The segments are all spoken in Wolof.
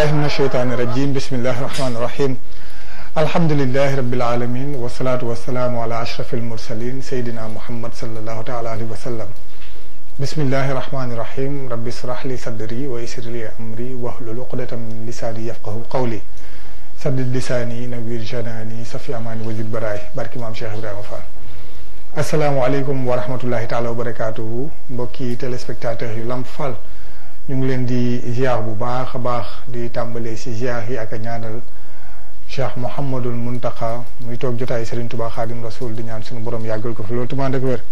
بالله من الشيطان الرجيم بسم الله الرحمن الرحيم الحمد لله رب العالمين والصلاة والسلام على أشرف المرسلين سيدنا محمد صلى الله عليه وسلم بسم الله الرحمن الرحيم رب اشرح لي صدري ويسر لي أمري واحلل عقدة من لساني يفقه قولي سدد لساني نوير جناني صفي أماني وجد براي بارك إمام شيخ إبراهيم فال السلام عليكم ورحمة الله تعالى وبركاته بوكي téléspectateurs yu فال ñu ngi leen di ziar bu baax a baax di tàmbalee si ziar yi ak a ñaanal Cheikh Mouhamadul Muntaqa muy toog jotaay Serigne Touba Xaadim Rasul di ñaan suñu borom yàggal ko fi loolu tumaan ak wér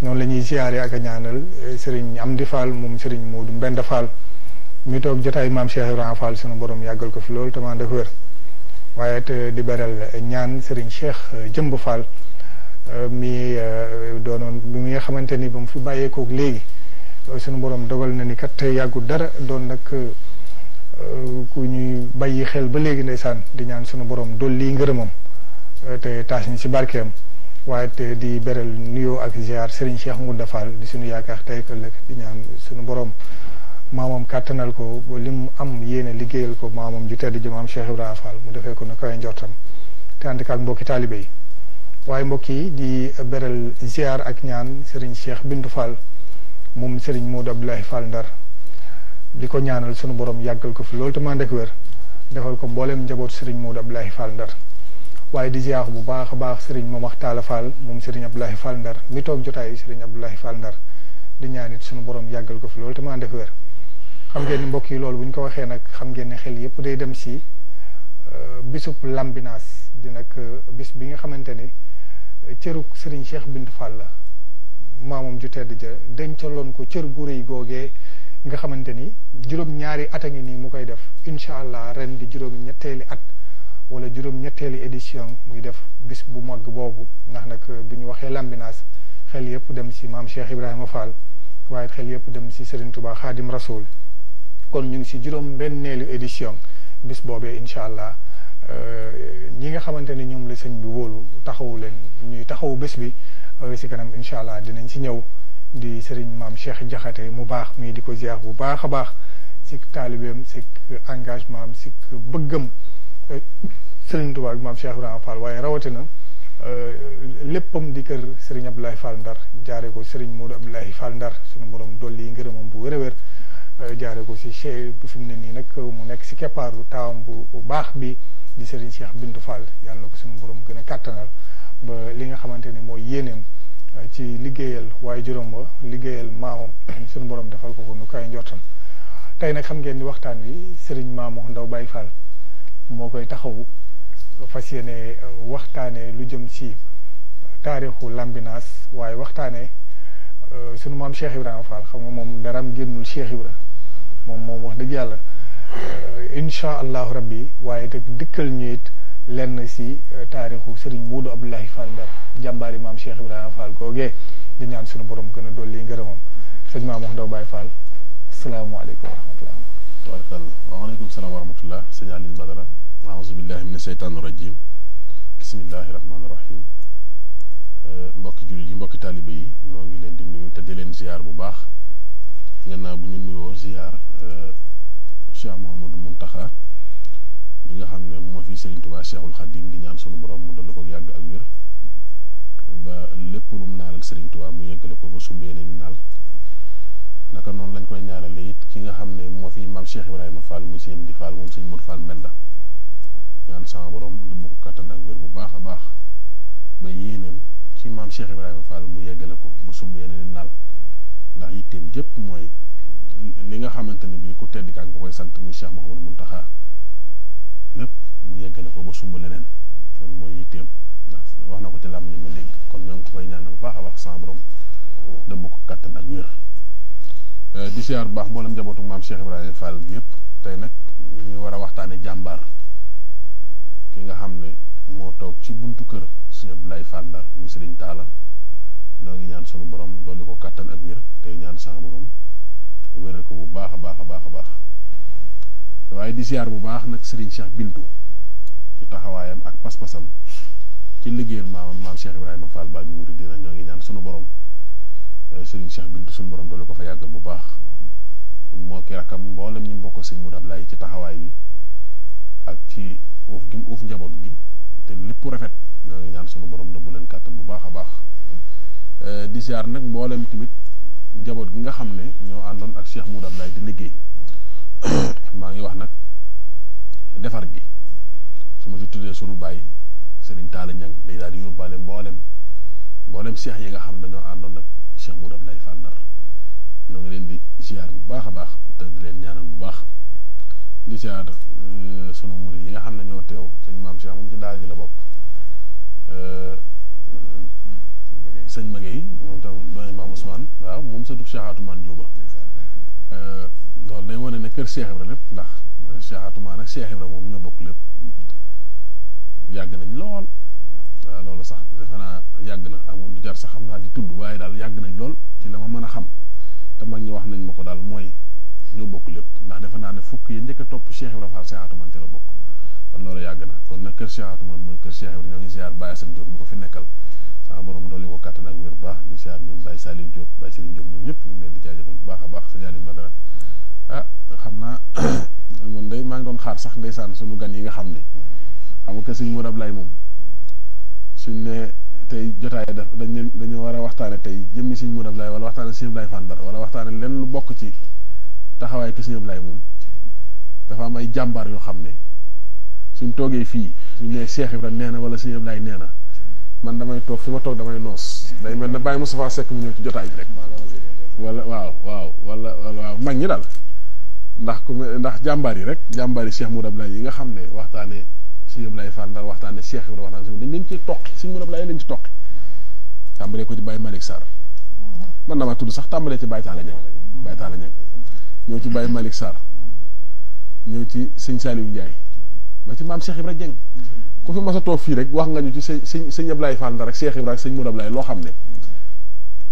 noonu la ñuy ziare ak a ñaanal eh, Serigne Amdi Fall moom Serigne Modou Mbenda Fall mi toog jotaay maam Cheikh Ibrahima Fall sunu yàggal ko loolu tumaan ak wér waaye te di beral ñaan Serigne Cheikh eh, Jëmb Fall eh, mi doonoon bi nga xamante ni ba mu fi bàyyeekook léegi. suñu borom dogal na ni kat tey yàggu dara doon nag euh, ku ñuy bàyyi xel ba léegi ndeysaan di ñaan suñu borom dolli ngërëmam euh, te taas ñi ci barkeem waaye te di beral nuyoo ak ziar Serigne Cheikh Ngounda Fall di suñu yaakaar tey ëllëg di ñaan suñu borom maamam kàttanal ko li mu am yéene liggéeyal ko maamam ju tedd ji maam Cheikh Ibrahima mu defee ko na koy njortam te ànd ak mbokki taalibe yi waaye mbokk di beral ziar ak ñaan Serigne Cheikh Bintu Fall. moom Serigne Modou Abdoulaye Fall Ndar di ko ñaanal sunu borom yàggal ko fi loolu te mandek wér defal ko mbooleem njaboot Serigne Modou Abdoulaye Fall Ndar waaye di ziar bu baax a baax Serigne moom wax taala Fall moom Serigne Abdoulaye Fall Ndar mi toog jotaay Serigne Abdoulaye Fall Ndar di ñaan it sunu borom yàggal ko fi loolu te mandek wér xam ngeen ni mbokk yi loolu bu ñu ko waxee nag xam ngeen ne xel yëpp day dem si euh, bisub lambinaas di nag euh, bis bi nga xamante ni cëruk Serigne Cheikh Bintou Fall la maamam ju tedd ja dencaloon ko cër gu rëy googee nga xamante ni juróom ñaari at a ngi nii mu koy def incha allah ren di juróom ñetteeli at wala juróom ñetteeli édition muy def bis bu mag boobu ndax nag euh, bi ñu waxee Lambinaas xel yëpp dem si maam Cheikh Ibrahima Fall waaye xel yëpp dem si Serigne Touba Khadim Rasoul kon ñu ngi si juróom neelu édition bis boobee incha allah euh, ñi nga xamante ni ñoom la sëñ bi wóolu taxawu leen ñuy taxawu bés bi. si kanam incha allah dinañ si ñëw di sëriñ maam Cheikh Jaxate mu baax mii di ko ziar bu baax a baax si taalibeem si engagement am si bëggam eh, sëriñ Tuubaa maam Cheikh Ibrahima Fall waaye rawatina eh, léppam di kër sëriñ Abdoulaye Fall Ndar jaaree ko sëriñ Modou Abdoulaye Fall Ndar suñu borom dolli yi ngërëmam bu wér a wér eh, jaare ko si che fi mu ne nii nag mu nekk si keppaaru taawam bu baax bi di sëriñ Cheikh Bintu Fall yàlla na ko suñu borom gën a kàttanal ba li nga xamante ni mooy yéeneem euh, ci liggéeyal waaye juróom ba liggéeyal maamam suñu borom defal ko ko nu kaay njortam tey nag xam ngeen ni waxtaan wi Serigne Mamou Ndaw Baye Fall moo koy taxawu fas yéene euh, waxtaanee lu jëm ci taarixu Lambinaas waaye waxtaanee euh, sunu maam Cheikh Ibrahima Fall xam nga moom daram génnul Cheikh Ibra moom moom wax dëgg yàlla incha allahu rabbi waaye te dikkal lenn si euh, taarixu Serigne Moodu Abdoulaye Fall Mber jàmbaari maam Cheikh Ibrahima Fall googee di ñaan suñu borom gën a dolli ngërëmam sëñ maam wax ndaw Baye Fall asalaamaaleykum wa rahmatullah. tabarakallah waaleykum salaam wa rahmatullah sëñ Alioune Badara. aouzu billahi mina seytaani euh, mbokki jullit yi mbokki taalibe yi ñoo ngi leen di nuyu te di leen ziar bu baax gannaaw bu ñu nuyoo ziar euh, Cheikh Mouhamadou Mountakha. bi nga xam ne fi Serigne Touba Cheikhul Khadim di ñaan sunu borom mu dolli ko yàgg ak wér ba lépp lu mu naalal Serigne Touba mu yeggale ko ba sumb yeneen naal naka noonu lañ koy ñaanale it ki nga xam ne fi maam Cheikh Ibrahima Fall muy seen di Fall moom sëñ Modou Fall Mbenda ñaan sama borom dëbb ko kattan ak wér bu baax a baax ba yéeneem ci maam Cheikh Ibrahima Fall mu yeggale ko ba sumb yeneen naal ndax yitteem jëpp mooy li nga xamante ne bii ku tedd kaa nga koy sant muy Cheikh Mouhamadou Mountakha lépp mu yeggale ko ba sumb leneen loolu mooy yitteem ndax wax na ko ci làmm ñu mu dégg kon ñoo ngi ko koy ñaanal bu baax a baax sàmm borom dëbb ko kattan ak wér. Euh, di siyaar bu baax mboolem njabootu maam Cheikh Ibrahima Fall gi yëpp tey nag ñu war a waxtaane jàmbaar ki nga xam ne moo toog ci buntu kër Sëñ Abdoulaye Fall Ndar Sëriñ Taala noo ngi ñaan sunu borom dolli ko kattan ak wér tey ñaan borom wéral ko bu baax a baax a baax a baax waye di ziar bu baax nak Serigne Cheikh Bintou ci taxawayam ak pas-pasam ci liggéeyal maam maam Cheikh Ibrahima Fall bi mouride ñoo ñogi ñaan suñu borom euh, Serigne Cheikh Bintou suñu borom doole ko fa yàggal bu baax mo ki rakam mbolam ñu mbokk serigne mudab lay ci taxaway bi ak ci uuf gi uuf njabot gi te lepp rafet ñogi ñaan suñu borom dëbb len bu baax euh di ziar nak mbolam timit njabot gi nga xamne ne andon ak Cheikh mudab lay di liggéey. maa ngi wax nag defar gi su ma ci tuddee sunu bàyyi Serigne Talla Niang day daal di yóbbaale mboolem mboolem seex yi nga xam dañoo àndoon nag Cheikh Moudou Abdoulaye Fall Ndar ñoo leen di ziar bu baax a baax te di leen ñaanal bu baax di ziar euh, sunu murid yi nga xam ne ñoo teew sëñ maam Cheikh moom ci daal ji la bokk euh, sëñ Maguette moom tam doon maam Ousmane waaw moom sa dugg Cheikh Atoumane Diouba Euh, loolu day wane ne kër Cheikh Ibra lépp ndax euh, Cheikh Atoumane ak Cheikh Ibra moom ñoo bokk lépp yàgg nañ lool loolu sax defe naa yàgg na amul du jar sax xam naa di tudd waaye nañ lool ci la ma mën a xam te mag ñi wax nañ ma ko daal mooy ñoo bokk lépp ndax defe naa ne fukk yi njëkk topp Cheikh Ibra Fall Cheikh Atoumane ci la bokk kon loolu yàgg na kon na kër Cheikh Atoumane mooy kër Cheikh Ibra ñoo ngi ziar Baye Assane Diop mi ko fi nekkal sama borom dolli ko kàttan ak wér bu baax di siyaar ñoom Baye Saliou Diop Baye Saliou Diop ñoom ñëpp ñu ngi leen di jaajëfal bu baax a baax sëñ Aliou Badara ah xam naa man day maa ngi doon xaar sax ndeysaan suñu gan yi nga xam xam nga sëñ suñ ne daf dañ leen jëmmi wala waxtaane sëñ Ablaye wala waxtaane len lu bokk ci taxawaay ko sëñ Ablaye moom dafa am ay jàmbaar yoo xam ne suñ toogee fii suñ ne Cheikh Ibrahima wala sëñ Ablaye man damay tok fi ma toog damay nos day melne bay Baye Moustapha Seck mu ñëw ci jotay bi rek wala waaw waaw wala wala waaw mag ñi dal ndax ku ndax jàmbaar yi rek jàmbaar yi Cheikh Mourad Abdoulaye yi nga xamne waxtane cheikh Sëñ Abdoulaye Fall Ndar waxtaane Cheikh Ibra waxtane si dañ ci tok Sëñ Mourad Abdoulaye lañ ci tok tambale ko ci bay malik sar man dama tuddu sax tambale ci bay Talla Niang bay Talla Niang ñew ci bay malik sar ñew ci seigne salim ndjay ba ci mam Cheikh ibrahim Dieng ku fi mas toog fii rek wax nga ñu ci sëñ sëñ sëñ Ablaye Fall Ndar rek Cheikh Ibrahima sëñ Modou Ablaye loo xam ne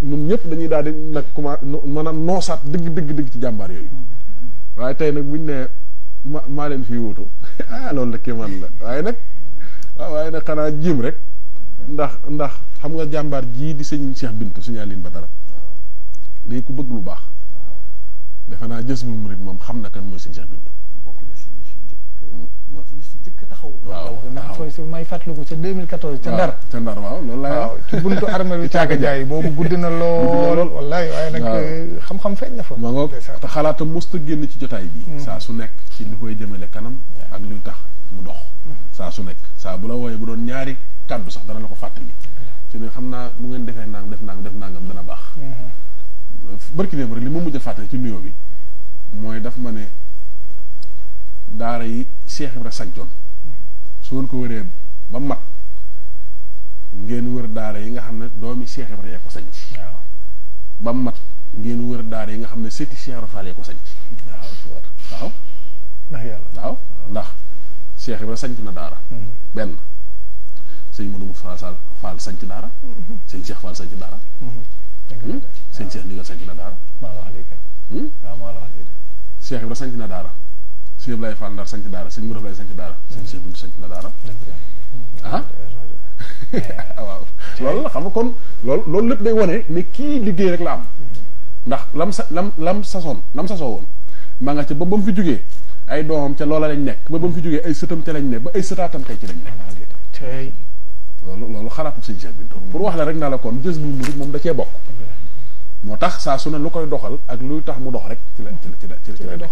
ñun ñëpp dañuy daal di nag commencé maanaam noosaat dëgg dëgg dëgg ci jàmbaar yooyu waaye tey nag buñ ne ma maa leen ah, loolu de kéemaan la waaye nag waaye nag xanaa jiim rek ndax ndax xam nga jàmbaar jii di sëñ Cheikh Bintu sëñ ba dara day ku bëgg lu baax defe naa jës bu murit moom xam na ka mooy sëñ Cheikh Bintu moo si jëkk taxaw waaw ndax sooy may fàttaliku ca 2014 ca ndar ca ndar waaw loolu laa waaw ci buntu armée bi caaga jaay boobu gudd na lool wallaay waaye nag eh, xam-xam feeñ na fa ma nga te xalaata mosta génn ci jotaay bi mm. saa su nekk ci lu koy jëmale kanam ak luy tax mu dox mm. saa su nekk saa bu la wooyee bu doon ñaari kàddu sax dana la ko fàttali ci ne xam naa mu ngeen defee nang def nang def nangam dana baax mm-hmm. barki démb rek li ma mujj a ci nuyoo bi mooy daf ma ne daara yi Cheikh Ibra sancoon su ngeen ko wëree ba mat ngeen wër daara yi nga xam ne doomi Cheikh Ibra yee ko sanc ba mat ngeen wër daara yi nga xam ne sëti Cheikh ko sanc waaw waaw ndax Cheikh na daara mm-hmm. benn sëñ Modou Moussa Sall Fall sanc daara mm-hmm. sëñ Cheikh Fall sanc mm-hmm. na daara hmm? ah, Cheikh Ibra sanc na daara sëñ Ablaye Fall Ndar sanc daara sëñ Mourou Ablaye sanc daara sëñ Cheikh Bintou na daara ah, ah? waaw loolu la xam nga kon loolu loolu lépp day wane ne kii liggéey rek la am ndax lam sa lam lam sasoon lam sasoo woon maa nga ca ba ba mu fi jógee ay doomam ca loola lañ nekk ba ba mu fi jógee ay sëtam ca lañ ne ba ay sëtaatam tey ci lañ nekk loolu loolu xalaatu sëñ Cheikh Bintou pour wax la rek naa la kon jës bu mu rek moom da cee bokk moo tax saa su ne lu koy doxal ak luy tax mu dox rek ci la ci la ci la dox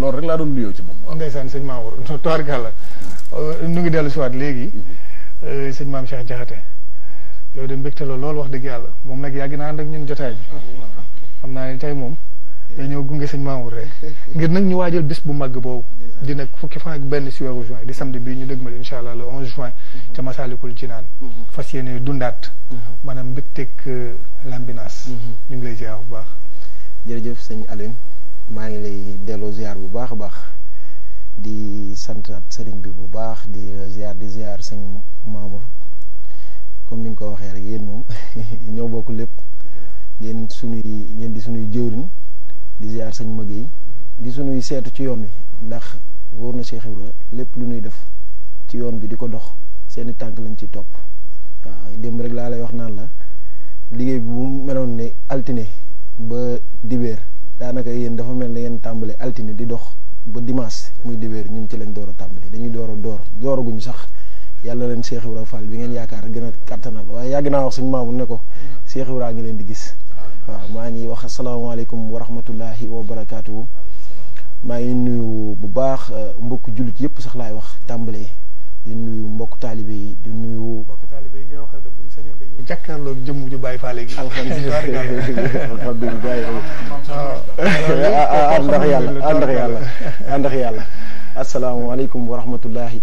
loolu rek laa doon nuyoo ci moom ndeysaan sëñ Mamour toirkàlla euh, nu ngi dellu siwaat léegi euh, sëñ maam Cheikh Jaxate yow de mbégte la loolu wax dëgg yàlla moom nag yàgg naa ànd ak ñun jotaay bi ah, xam naa ne tey moom day ñëw gunge sëñ Mamour rek ngir nag ñu waajal bis bu màgg boobu di nag fukki fan ak benn si weeru di samedi bii ñu dëgmal incha allah le 11 juin ca Masaalikul Jinaan fas yéene dundaat maanaam mbégteeg euh, lambinaas ñu ngi lay ziar bu baax jërëjëf sëñ Alioune maa ngi lay delloo ziar bu baax a baax di santaat sëriñ bi bu baax di ziar di ziar sëñ comme ni nga ko waxee rek yéen moom ñëw bokk lépp yéen sunuy ngeen di sunuy jëwriñ di ziar sëñ Maguette di suñuy seetu ci yoon wi ndax wóor na Cheikh Ibra lépp lu ñuy def ci yoon bi di ko dox seeni tànk lañ ci topp waaw démb rek laa lay wax naan la liggéey bi bu meloon ne altine ba dibeer daanaka yéen dafa mel ne ngeen tàmbale altine di dox ba dimanche muy dibeer ñun ci lañ door a tàmbali dañuy door a door dooraguñu sax yàlla leen Cheikh Ibra Fall bi ngeen yaakaar gën a kattanal waaye yàgg naa wax suñu maamu ne ko Cheikh ngi leen waaw maa ngi wax asalaamaaleykum wa rahmatullahi wa maa ngi nuyu bu baax euh, mbokk jullit yëpp sax laay wax tàmbalee di nuyu mbokk taalibe yi di nuyu. mbokk taalibe yi ngay waxal de bu ñu sañoon dañuy jàkkaarloog yàlla àndax yàlla àndax yàlla. asalaamaaleykum wa rahmatullahi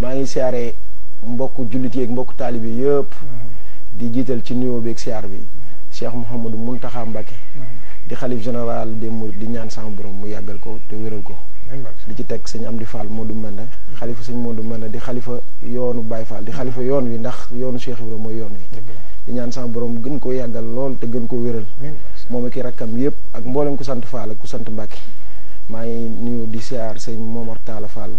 maa ngi siyaare mbokk jullit yeeg mbokk taalibe yëpp. Hmm. di jiital ci nuyoo beeg siyaar bi Cheikh Mouhamadou taxa Mbacké di xalif général des di ñaan sama borom mu yàggal ko te wéral ko di ci teg sëñ Amdi Fall Modou Mbenda xalifa sëñ Modou Mbenda di xalifa yoonu Baye Fall di xalifa yoon wi ndax yoonu Cheikh Ibrahima mooy yoon wi di ñaan sama borom gën koo yàggal lool te gën koo wéral moom ak i rakkam yëpp ak mboolem ku sant Fall ak ku sant Mbacké maa ngi nuyu di siyaar sëñ Momar Talla Fall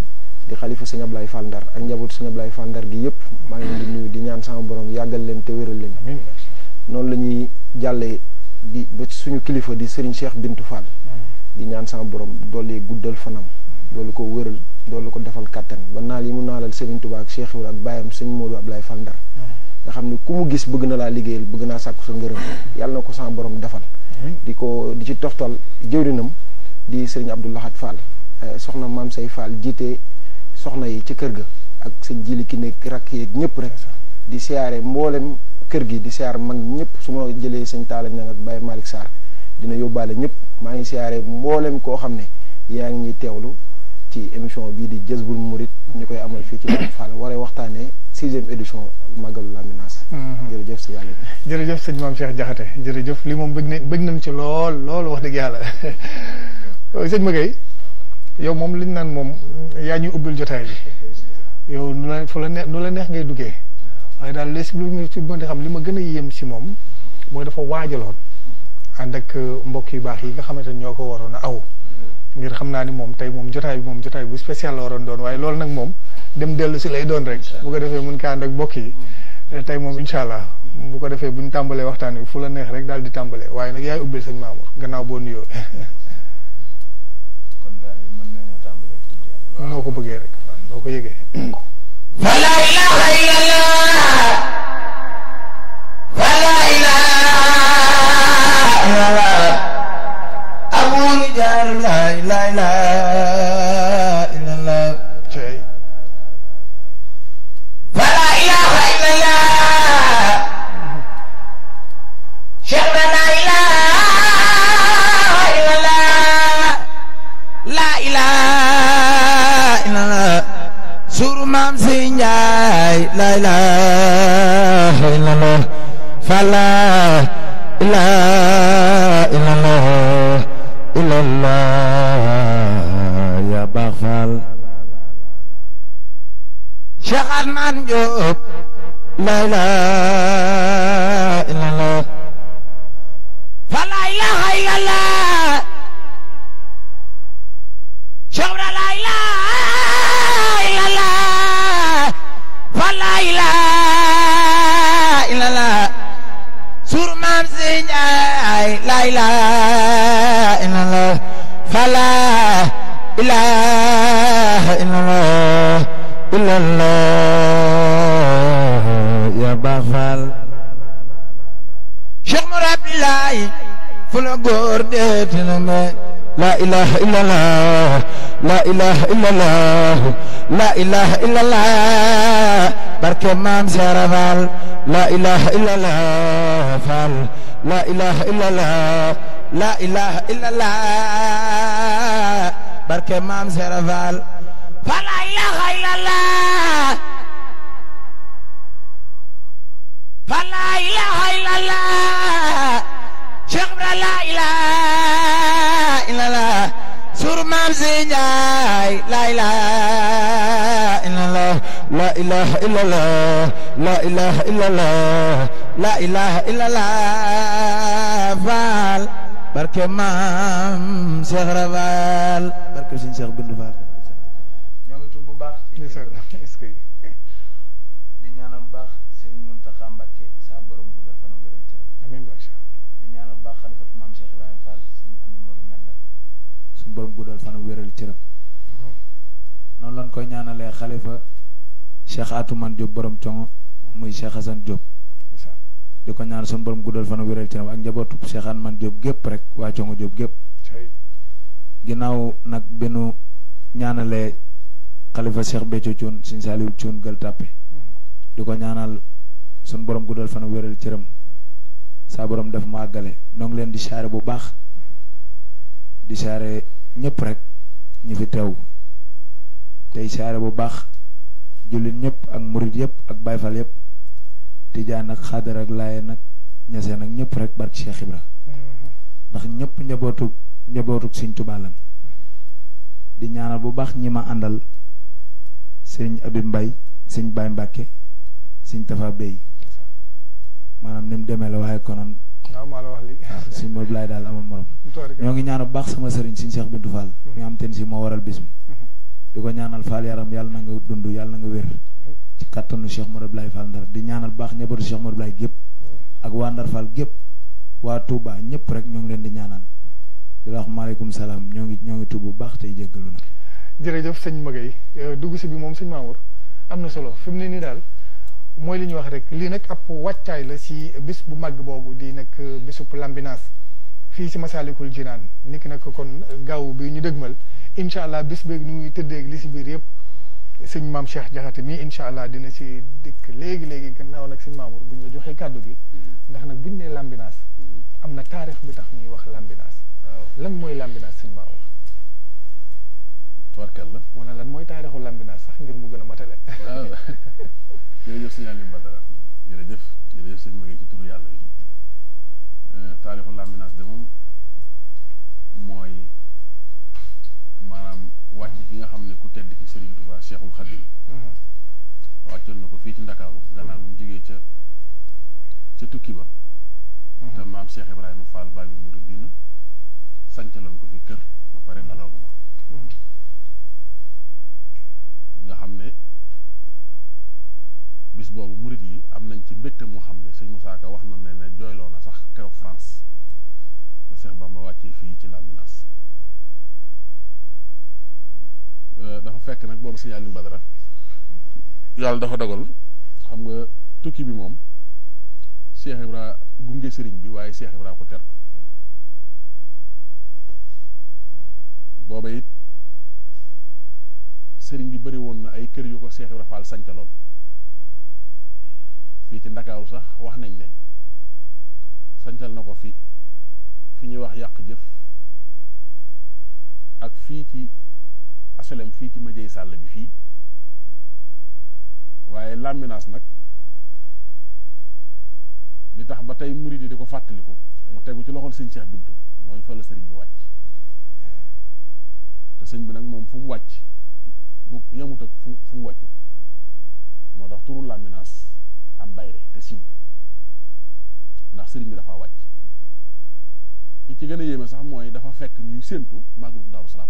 di khalifa seigne Ablaye Fall Ndar ak njabot seigne Ablaye Fall Ndar gi yep ma ngi di nuyu di ñaan sama borom yagal leen te wëral leen non lañuy jallé di ba suñu khalifa di sering Cheikh Bintu Fall hmm. di ñaan sama borom dolé guddal fanam doolu ko wëral doolu ko defal katan ba naal yi mu naalal sëriñ touba ak Cheikh Ibrahima ak bayam seigne Modou Ablaye Fall Ndar hmm. nga xamni ku mu gis bëgg na la liggéeyal bëgg na sa yalla nako sama borom defal di ko di ci toftal jëwrinam di sering Abdou Fall eh, soxna mam sey Fall jité soxna yi ci kër ga ak sëñ jili ki nekk rakk yeeg ñëpp rek di siyaare mboolem kër gi di siyaar mag ñëpp su ma jëlee sëñ Talla Niang ak Baye Malick dina yóbbaale ñëpp maa ngi siyaare mbooleem koo xam ne yaa ngi ñuy teewlu ci émission bii di Jazboul Mouride ñu koy amal fii ci Lamp Fall waree waxtaanee sixième édition Magalu Lambinaas. Mm-hmm. jërëjëf si yàlla. jërëjëf sëñ maam Cheikh Diakhaté jërëjëf li moom bëgg na bëgg nañ ci lool lool wax dëgg yàlla sëñ yow moom li ñu naan moom yaa ñuy ubbil jotaay bi yow nu la fu la neex nu la neex ngay duggee waaye daal les lu ci mën di xam li ma gën a yéem si moom mooy dafa waajaloon ànd ak euh, mbokk yu baax yi nga xamante ni ñoo ko waroon a aw ngir xam naa ni moom tey moom jotaay bi moom jotaay bu spécial la waroon doon waaye loolu nag moom dem dellu si lay doon rek bu ko defee mun kaa ànd ak mbokk yi mm. tey moom incha allah bu ko defee bu ñu tàmbalee waxtaan wi fu la neex rek daal di tàmbalee waaye nag yaay ubbil sëñ Mamour gannaaw boo nuyoo noo ko bëggee rek noo ko yëgee fa la ilaha illallah fa la ilaha illallah abu jaarul la ilaha njaay la ilaha illallah fala ilaha illallah illallah ya baax faal Cheikh Atman Diop la ilaha illallah fala ilaha illallah Cheikh la ilaha walla ilaa ilaa suur maam si njaay la ilaa ilaa fala ilaa ilaa ilaa ya bafal Cheikh Mourad Laay fu la góor dee la ilaa ilaa لا إله إلا الله لا إله إلا الله برك مام زيارة فال لا إله إلا الله فال لا إله إلا الله لا إله إلا الله برك مام زيارة فال فلا إله إلا الله ilaha illallah la ilaha illallah la ilaha illallah fal barke mam Cheikh Rabal barke sin Cheikh Bintou Fall ñoo tu bu baax est-ce que di ñaanal baax Serigne Mountakha Mbacké sa borom guddal fan ak wéral cëram amiin barke di ñaanal baax xalifatu mam Cheikh Ibrahima Fall amin mo lu Menda sun borom dal fana wëral ci ram non lañ koy ñaanalee xalifa ya, cheikh atuman Diop borom ciongo muy cheikh Hassan Diop diko ñaan sun borom guddal fana wéral cëram ak njabotu cheikh atuman Diop gep rek waa ciongo Diop gep ginaaw nak benu ñaanale khalifa cheikh Béthio Thioune Serigne Saliou Thioune gal tapé mhm. diko ñaanal sun borom guddal fana ci cëram sa borom daf ma galé nong leen di saare bu baax di saare ñepp rek ñi fi tew tay saare bu baax jullit ñëpp ak murit yëpp ak bayfal yépp tijaan ak xaadar ak nag ñasee nag ñëpp rek barke Cheikh Ibra mm-hmm. ndax ñëpp njabootu njabootuk Sëñ Tuubaa di ñaanal bu baax ñi ma àndal sëñ Abib Mbay sëñ Baay Mbàkke sëñ Tafa Bey maanaam ni mu demee la waaye konoon waaw maa la wax lii sëñ Mor Blaay daal amul morom ñoo ngi ñaan bu baax sama sëriñ sëñ Cheikh Bintu Fall ñu am teen si moo waral bis bi mm-hmm. diko ñaanal faal yaram yalla nga dundu yalla nga wër ci kattanu Cheikh Modou Abdoulaye Fall Ndar di ñaanal bax ñëbatu Cheikh Modou Abdoulaye gep ak wa Ndar Fall gep wa Touba ñepp rek ñong leen di ñaanal di wax maaleykum salaam ñoo ngi tubu bax tay jéggaluna jërëjëf Magay euh, duggu ci bi mom Mamour am solo fim mu ni dal moy liñ wax rek li nak waccay la si bis bu mag bobu di nak euh, bisub lambinas fii si Masaalikul Jinaan niki nag kon gaaw bi ñu dëgmal incha allah bis beeg nu muy tëddeeg li si biir yëpp sëñ maam Cheikh Jaxate mii incha allah dina si dikk léegi léegi gannaaw nag siñ Maamour bu ñu la joxee kàddu gi mm-hmm. ndax nag bu ñu ne lambinaas mm-hmm. am na taarix bi tax ñuy wax lambinaas. lan mooy lambinaas sëñ Maamour. tubarkalla lan mooy taarixu lambinaas. sëñ Aliou Badara yàlla dafa dogal xam nga tukki bi moom Cheikh Ibra gunge sëriñ bi waaye Cheikh Ibra ko ter booba it sëriñ bi bëri woon na ay kër yu ko Cheikh Ibra Fall sancaloon fii ci Ndakaaru sax wax nañ ne sancal na ko fi fi ñuy wax yàq jëf ak fii ci HLM fii ci Madiaye Sall bi fii waaye Lambinaas nag li tax ba tey murid yi di ko fàttaliku mu tegu ci loxol sëñ Cheikh Bintu mooy fa la sëriñ bi wàcc te sëñ bi nag moom fum wàcc bu yemut ak fu fu wàccu moo tax turu Lambinaas am bayre te siiw ndax sëriñ bi dafa wàcc li ci gën a yéeme sax mooy dafa fekk ñuy séentu màggalu Daaru Salaam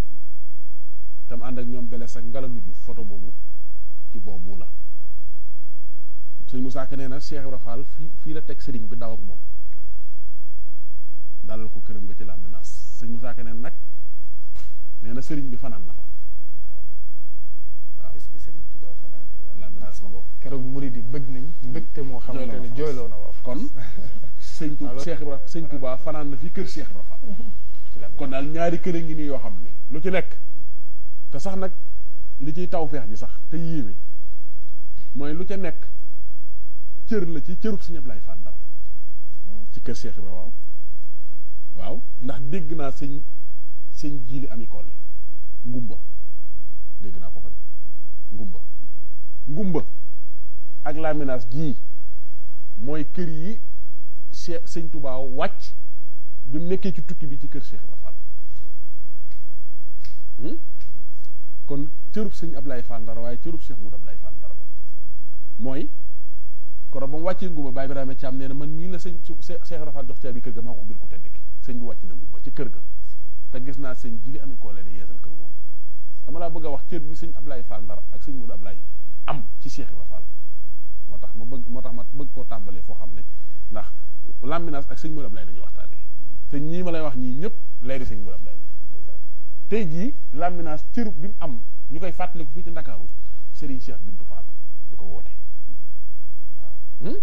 tam ànd ak ñoom beles ak ngalandu ju photo boobu ci boobu la sëñ Moussa Ka nee na Cheikh Ibra fii fii la teg sëriñ bi daw ak moom dalal ko këram nga ci la menace sëñ Moussa Ka nee nag nee na sëriñ bi fanaan na fa waaw la menace ma ngoo keroog murid yi bëgg nañ mbëgte moo xamante ne jooyloo na waaw kon sëñ Tuubaa Cheikh Ibra sëñ Tuubaa fanaan na fi kër Cheikh Ibra kon daal ñaari kër a ngi nii yoo xam ne lu ci nekk te sax nag li ciy tawfeex ji sax te yéeme mooy lu ca nekk cër la ci cërub sëñ Ablaye Fall Ndar ci kër Cheikh Ibra waaw ndax dégg naa sëñ sëñ jiili ami kolle ngumba dégg naa ko fa de ngumba ngumba ak laminaas gii mooy kër yi Cheikh sëñ Touba wàcc bi mu nekkee ci tukki bi ci kër Cheikh Ibra kon cërub sëñ Ablaye Fall Ndar waaye cëru cërub Cheikh Moudou Ablaye Fall Ndar la mooy koro ba mu wàccee nguba Baye Ibrahima Thiam nee na man mii la sëñ Cheikh Ibra Fall jox caabi kër ga maa ko ubbil ku tedd ki sëñ bi wàcc na nguba ci kër ga te gis naa sëñ ji li amee koo leen yeesal kër moom dama laa bëgg a wax cër bi sëñ Ablaye Fall Ndar ak sëñ Moudou Ablaye am ci Cheikh Ibra moo tax ma bëgg moo tax ma bëgg koo tàmbalee foo xam ne ndax Lambinaas ak sëñ Moudou Ablaye la ñuy waxtaanee te ñii ma wax ñii ñëpp leeri sëñ Moudou Ablaye teji jii Laminaas bim am ñu koy ko fi ci dakaru Serigne Cheikh Bintou Fall diko wote hmm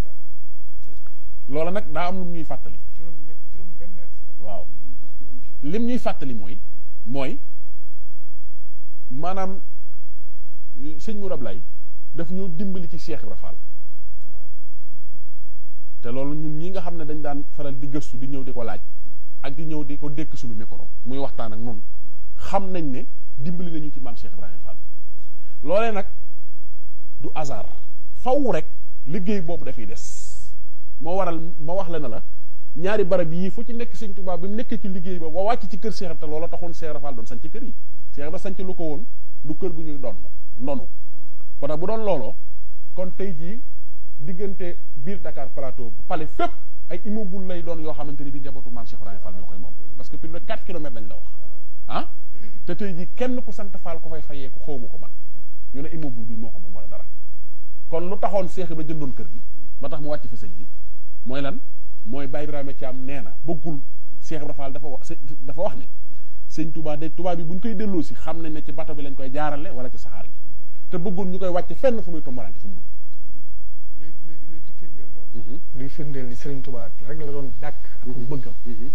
lum nak da am lu ñuy fatali waaw lim ñuy fatali moy moy manam euh, serigne mourab lay daf ñu dimbali ci Cheikh Ibra Fall te ñun ñi nga xamné dañ daan faral di gëstu di ñëw diko laaj ak di ñëw diko ko dékk suñu micro muy waxtaan ak xam nañ ne dimbali nañu ci maam Cheikh Ibrahima Fall loolee nag du hasard faw rek liggéey boobu dafay des moo waral ma wax la la ñaari barab yii fu ci nekk sëñ Tuubaa bi mu nekk ci liggéey boobu ba wàcc ci kër Cheikh Ibrahima te loola taxoon Cheikh Ibrahima Fall doon sañ ci kër yi Cheikh Ibrahima sañ lu ko woon du kër gu ñuy doon ndonu kon bu doon looloo kon tey jii diggante biir Dakar plateau pale fépp ay immeuble lay doon yoo xamante bi njabootu maam Cheikh Ibrahima ah te tey ji kenn ku sant faal ko fay fayee ko xawma ko man ñu ne immeuble bi moo ko moom wala dara kon lu taxoon Seex Ibra jëndoon kër gi ba tax mu wàcc fa sëñ mooy lan mooy Baye Ibrahima Thiam nee na bëggul Seex Ibra Faal dafa wax dafa wax ne sëñ Touba de Touba bi koy delloo si xam nañ ne ci bato bi lañ koy jaarale wala ci saxaar gi te bëggoon ñu koy wàcc fenn fu muy tombaranke fu mu dugg. li li li firndeel loolu. Mhm. li firndeel rek la doon dàkk ak mhm. bëggam. Mhm.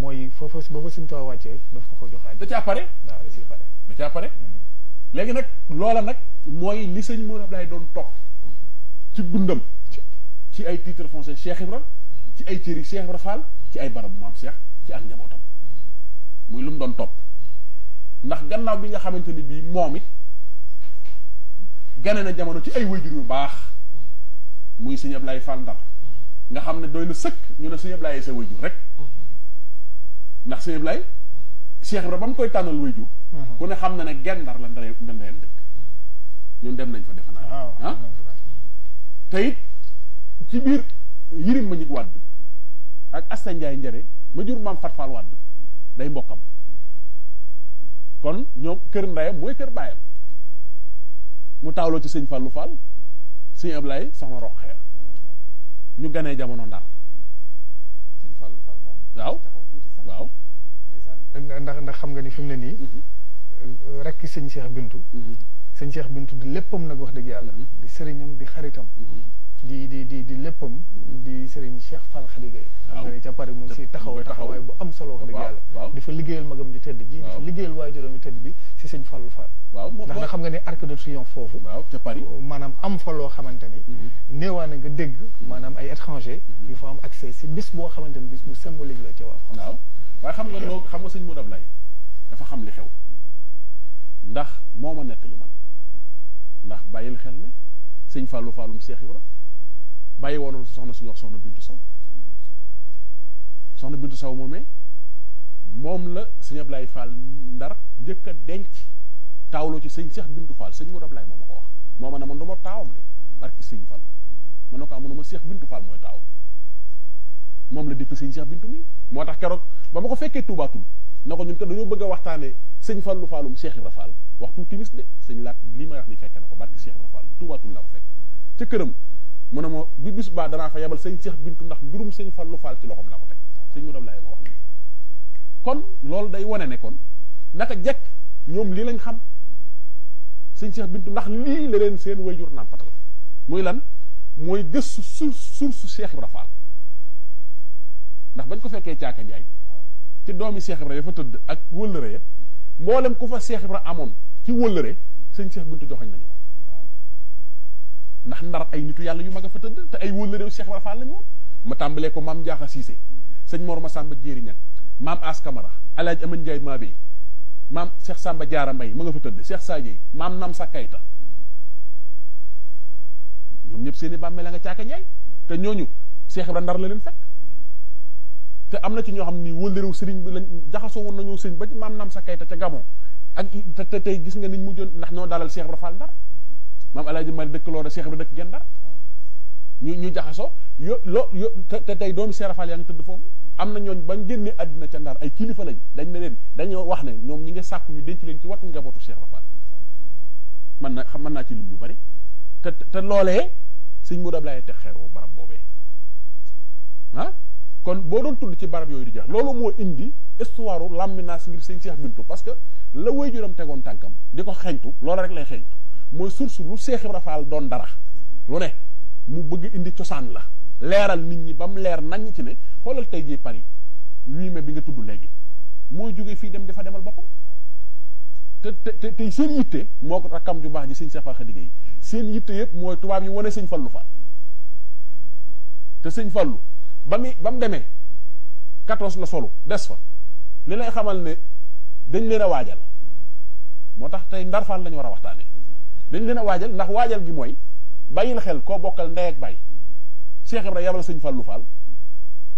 mooy foofa boofa suñu taw wàccee daf ko ko joxaat da caa pare waaw da ciy pare da caa pare léegi nag loola nag mooy li sëñ Mor Abdoulaye doon topp ci gundam ci ay titre foncier Cheikh Ibra ci ay cëri Cheikh Ibra Fall ci ay barab maam Cheikh ci ak njabootam muy lu mu doon topp ndax gannaaw bi nga xamante ni bii moom it gane na jamono ci ay wayjur yu baax muy sëñ Abdoulaye Fall Ndar nga xam ne doy na sëkk ñu ne sëñ Abdoulaye sa wayjur rek ndax seigne blay Cheikh Ibra koy tanal wéju ku ne xam na ne gendar la ndare ndandeen dëkk ñun dem nañ fa def na ah te ci bir yirim ma ñu wad ak Asta njay njare ma jur mam fatfal wad day mbokam kon ñom keur ndayam moy keur bayam mu tawlo ci seigne Fallou Fall sëñ Ablaye soxna Roxaya ñu gané jamono ndar seigne Fallou Fall mom waaw ndax ndax xam nga ni fim mu ne nii mm-hmm. rekk sëñ Cheikh Bintu mm-hmm. sëñ Cheikh Bintu di léppam nag wax dëgg yàlla mm-hmm. di sëriñam di xaritam di di di di léppam di sëriñ Cheikh Fall Khady Gueye xam nga ne ca Paris mu si taxaw taxawaay bu am solo wax dëgg yàlla di fa liggéeyal magam ju tedd ji di fa liggéeyal waajuram ju tedd bi si sëñ Fallou Fall ndax na xam nga ne arc de triomphe foofu euh, maanaam am fa loo xamante ni mm-hmm. néewaa na nga dégg maanaam ay étranger mm-hmm. yu fa am accès si bis boo xamante ni bis bu symbolique la ca waa France waaye xam nga noo xam nga sëñ Modou Ablaye dafa xam li xew ndax moo ma nekk li man ndax bàyyil xel ne sëñ Fallou Falloum Cheikh Ibrahima bàyyi woon soxna suñu wax soxna Bintu Sow soxna Bintu Sow moomee moom la sëñ Ablaye Fall ndar njëkk a denc taawloo ci sëñ Cheikh Bintu Fall sëñ Modou Ablaye moom ma ko wax moo ma ne man du ma taawam de barki sëñ Fall ma ne ko amoon ah, ma Cheikh Bintu Fall mooy taaw moom la dippe sëñ Cheikh Bintu mi moo tax keroog ba ma ko fekkee tuubaatul na ko ñun kat dañoo bëgg a waxtaanee sëñ Fallu Fallum Cheikh Ibra Fall waxtu timis de sëñ laat li may wax ni fekke na ko barki Cheikh Ibra Fall tuubaatul la ko fekk ca këram mu ne ma bi bis baa danaa fa yabal sëñ Cheikh Bintu ndax mbirum sëñ Fallou faal ci loxoom laa ko teg sëñ mu dam laay ma wax la kon loolu day wane nekkoon kon naka jekk ñoom lii lañ xam sëñ Cheikh Bintu ndax lii la leen seen wayjur nàmpatal muy lan mooy gëstu su suuf su Cheikh Ibra Fall ndax bañ ko fekkee caaka njaay ci doomi Cheikh Ibra ya fa tëdd ak wëllëre ya mboolem ku fa Cheikh Ibra amoon ci wëllëre sëñ Cheikh Bintu joxañ nañu ko ndax ndar ay nitu yàlla yu mag a fa tëdd te ay wóllë réew Cheikh Ibra lañu woon ma tàmbalee ko maam Ndiakha Cissé sëñ Mor sàmba Diéri Niang maam As Camara El Hadj Amadou maam Cheikh Samba Diarra Mbaye ma nga fa tëdd Cheikh Sadio maam Namsa Kayta ñoom ñëpp seen i bàmmeel la nga caaka njaay te ñooñu Cheikh Ibra ndar la leen te am na ci ñoo xam ni wëllërew sëriñ bi lañ jaxasoo woon nañoo sëriñ ba ci maam Namsa Kayta ca Gabon ak te tey gis nga niñ mujjoon ndax ñoo dalal Cheikh Ibra Fall ndar maam alaaji Malick dëkkaloo na Cheikh Ibra dëkk Gendar ñu ñu jaxasoo yo loo yo te tey doomi Cheikh Rafal yaa ngi tëdd foofu am na ñooñ bañ génnee àddina ca Ndar ay kilifa lañ dañ ne leen dañoo wax ne ñoom ñi nga sàkku ñu denc leen ci wattu njabootu Cheikh Rafal man na xam mën naa ci lim yu bari te te loolee sëñ Modou Ablaye te xeeroo barab boobee ah kon boo doon tudd ci barab yooyu di jeex loolu moo indi histoire làmminaas ngir sëñ Cheikh Bintou parce que la waajuram tegoon tànkam di ko xeeñtu loolu rek lay xeeñtu mooy source lu Seex Ibra Faal doon dara lu ne mu bëgg indi cosaan la leeral nit ñi ba mu leer nañ ci ne xoolal tey jii Paris 8 mai bi nga tudd léegi moo jóge fii dem dafa demal boppam te te tey seen yitte moo ko rakkam ju baax ji sëñ Seex Faal Xadiga yi seen yitte yëpp mooy tubaab yi wane sëñ Fallu fa te sëñ Fallu ba ba mu demee 14 la solo des fa li lay xamal ne dañ leen a waajal moo tax tey ndarfaal la ñu war a waxtaane dañ leen a waajal ndax waajal gi mooy bàyyil xel koo bokkal ndey ak bàyyi Cheikh Ibrahima yabal sëñ Fallou Fall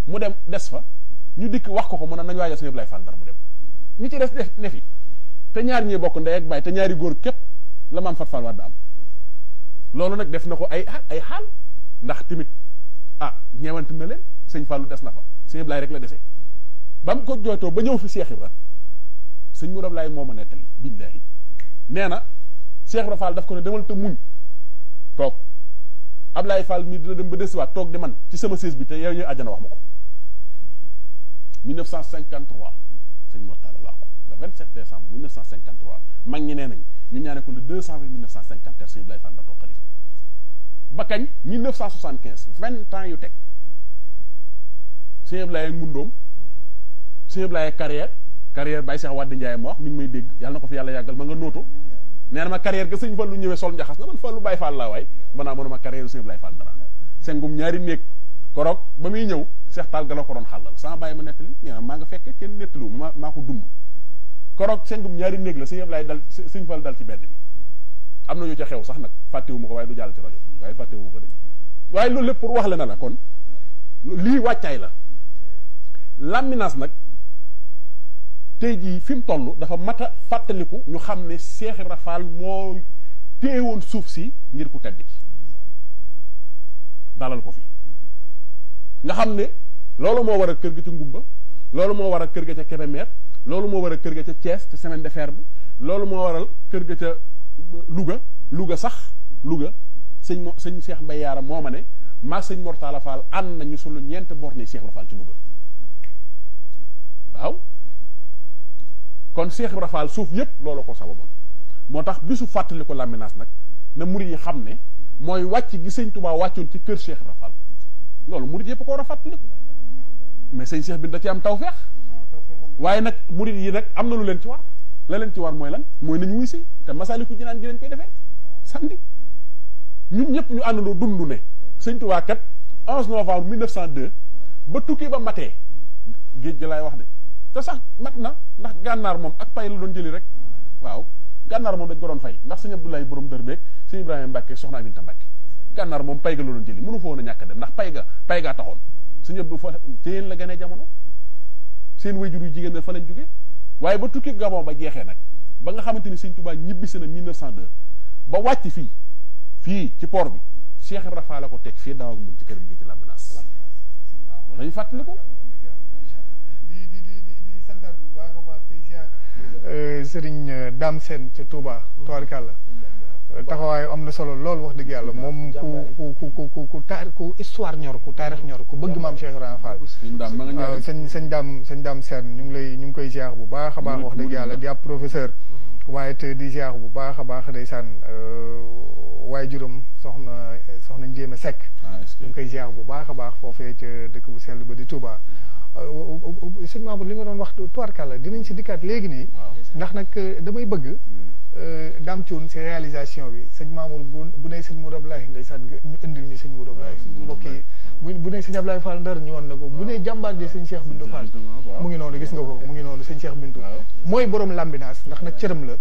mu dem des fa ñu dikk wax ko ko mu na nañu waajal sëñ Ablaye Fall Ndar mu dem ñu ci des ne fi te ñaar ñi bokk ndey ak bàyyi te ñaari góor képp la maam Fat Fall Wade am loolu nag def na ko ay ay xaal ndax tamit ah ñeewante na leen sëñ Fallou des na fa sëñ Ablaye rek la desee ba ko jooytoo ba ñëw fi Cheikh Ibrahima sëñ Mourou Ablaye moo ma nettali billaahi nee na. Cheikh Ibra Fall daf ko ne demal te muñ toog Ablaye Fall mii dina dem ba desiwaat toog di man ci sama sées bi te yow yow àjjana wax ma ko 1953 sëñ la laa ko le 27 décembre 1953 mag ñi nee nañ ñu ñaane ko le 2 avril 1954 sëñ Ablaye Fall da toog xalifa ba kañ 1975 vingt ans yu teg sëñ Ablaye Ngundoom sëñ Ablaye Carrière Carrière Baye Cheikh Wade Ndiaye ma wax mi ngi may dégg yàlla na ko fi yàlla yàggal ma nga nooto nee ma carrière ga sëñ lu ñëwee sol njaxas na man lu Baay Fall laa waay manaa mënuma carrière sëñ Ablaay Fall dara sengum ñaari néeg koroog ba muy ñëw Seex Taal ga la ko doon xàllal sama bàyyi ma nettali nee na maa nga fekk kenn nettalu ma maa ko dund koroog sengum ñaari néeg la sëñ laay dal sëñ Fallu dal ci benn bi am na ñu ca xew sax nag fàttewu ko waaye du jàll ci rajo waaye fàttewu ko de waaye loolu lépp pour wax na la kon lii wàccaay la nag tey jii fi mu dafa mat fàttaliku ñu xam ne Cheikh Ibra moo téye woon suuf si ngir ku tedd ki dalal ko fi nga xam ne loolu moo war a kër gi ca Ngumba loolu moo war a kër ga ca Kébémer loolu moo war a kër ga ca Thiès semaine de fer loolu moo waral kër ga ca euh, Louga Louga sax Louga sëñ mo sëñ Cheikh Mbaye Yaara moo ma ne maa sëñ Mortala Fall ànd nañu sunu ñeent borne Cheikh Ibra Fall ci Louga waaw kon Cheikh Ibra Fall suuf yépp loolu ko sababoon moo tax bisu fàttali ko Lambinaas nag na murid yi xam ne mooy wàcc gi sëñ Touba wàccoon ci kër Cheikh Ibra loolu murid yépp ko war a fàttaliku mais sëñ Cheikh bi da ci am tawfeex waaye nag murid yi nag am na lu leen ci war la leen ci war mooy lan mooy nañu wuy si te Masaalikul Jinaan gi lañ koy defee samedi ñun ñëpp ñu àndandoo dund ne sëñ Touba kat 11 novembre 1902 ba tukki ba matee géej gi laay wax de. te sax mat na ndax gannar mom ak pay lu doon jëli rek waaw gannar mom dañ ko doon fay ndax seigne Abdoulaye borom dër seigne ibrahim Mbacke soxna Aminta Mbacke gannar mom pay ga lu doon jëli mënu fo woon ñak ñàkk dem ndax pay ga pay ga taxoon seigne Abdou fa teen la gane jamono seen wayjuru jigen na fa lañ jugge waye ba tukki Gabon ba jexé nak ba nga xamanteni seigne Touba 1902 ba wacc fi fi ci port bi Cheikh Rafa la ko tek fi daaw ak mum ci kërëm bi ci wala ñu Eh, sëriñ eh, Dame Sène ca Touba Toubarkalla eh, taxawaay am na solo lool wax dëgg yàlla moom ku ku ku ku ku ku histoire ñor ku taarix ñor ku bëgg maam Cheikh Ibrahima Fall waaw ah, sëñ sëñ Dame sëñ ñu ngi lay ñu ngi koy ziar bu baax a baax wax dëgg yàlla di ab professeur waaye te di ziar bu baax a baax ndeysaan waaye juróom soxna soxna Njéeme Seck ah, ñu ngi koy ziar bu baax a baax foofee ca dëkk bu sell ba di Touba Euh, sëñ Mamour li nga doon wax tubarkàlla dinañ si dikkaat léegi nii ndax nag euh, damay bëgg daam cuun si réalisation bi sëñ Mamour bu bu ne sëñ Mourou Abdoulaye ndeysaan ñu indil ñu sëñ Mourou Abdoulaye mbokk yi bu bu ne sëñ Abdoulaye Fall Ndar ñu woon na ko bu nee jàmbaar ji sëñ Cheikh Bintou Fall mu ngi noonu gis nga ko mu ngi noonu sëñ Cheikh Bintou mooy borom lambinaas ndax nag cëram la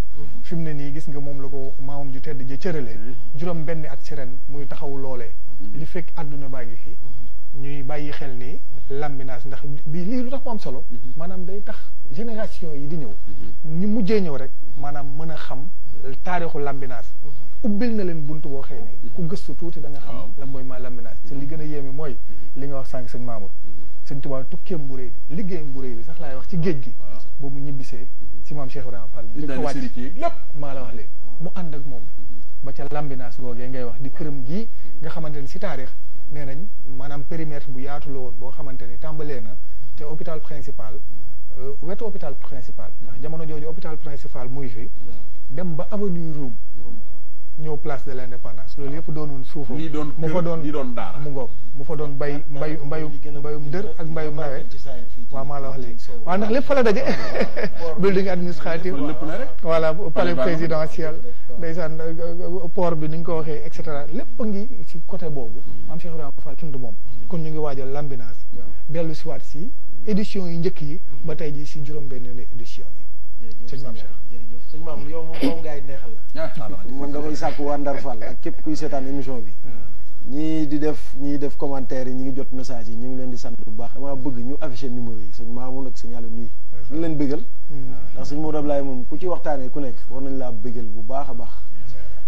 fi mu ne nii gis nga moom la ko maamam ju tedd ja cërale hmm. juróom benn at si ren muy taxaw loole li hmm. fekk àdduna baa ngi fii hmm. ñuy bàyyi xel ni lambinaas ndax bii lii lu tax mu am solo mhm. maanaam day tax génération yi di ñëw mhm. ñu mujjee ñëw rek maanaam mën a xam taarixu lambinaas mhm. ubbil na leen bunt boo xëy ni ku gëstu tuuti da nga xam la mooy maa lambinaas te li gën a yéeme mooy li nga wax sànq sëñ Mamour sëñ Tuubaa tukkeem bu réy bi liggéeyam bu réy bi sax laay wax ci géej gi ba mu ñibbisee ci maam Cheikh Ibrahima Fall njëkk wàcc lépp maa la wax léegi mu ànd ak moom ba ca lambinaas googee ngay wax di këram gii nga xamante ne si taarix nee nañ maanaam périmètre bu yaatu woon boo xamante ni tàmbalee na te hôpital principal euh, wetu hôpital principal ndax jamono jooju hôpital principal muy fi dem ba avenue Roume ñëw place de l' indépendance loolu yëpp doonoon suufam mu fa doon mu ngoog mu fa doon bay mbayu mbayu mbayum dër ak mbayum nawet waaw maa la wax léegi waaw ndax lépp fa la daje building administratif voilà palais présidentiel ndeysaan euh, euh, euh, port bi ni ñu ko waxee et cetera lépp ngi ci côté boobu maam Cheikh Ibrahima Fall tund moom mm. kon ñu ngi waajal lambinaas dellu siwaat si édition yi njëkk yi ba tey ji si juróom benn édition yi sëñ maam Cheikh jërëjëf sëñ maam yow moom moom gars yi neexal la ah, ah, moom damay sàkku waa Ndar Fall ak képp kuy seetaan émission bi ah. ñii di def ñii def commentaire yi ñi ngi jot message yi ñu ngi leen di sant bu baax damaa bëgg ñu affiché numéro yi sëñ Mamoun ak sëñ Aliou nii ñu leen bëggal ndax sëñ Modou Ablaye moom ku ci waxtaanee ku nekk war nañ laa bëggal bu baax a baax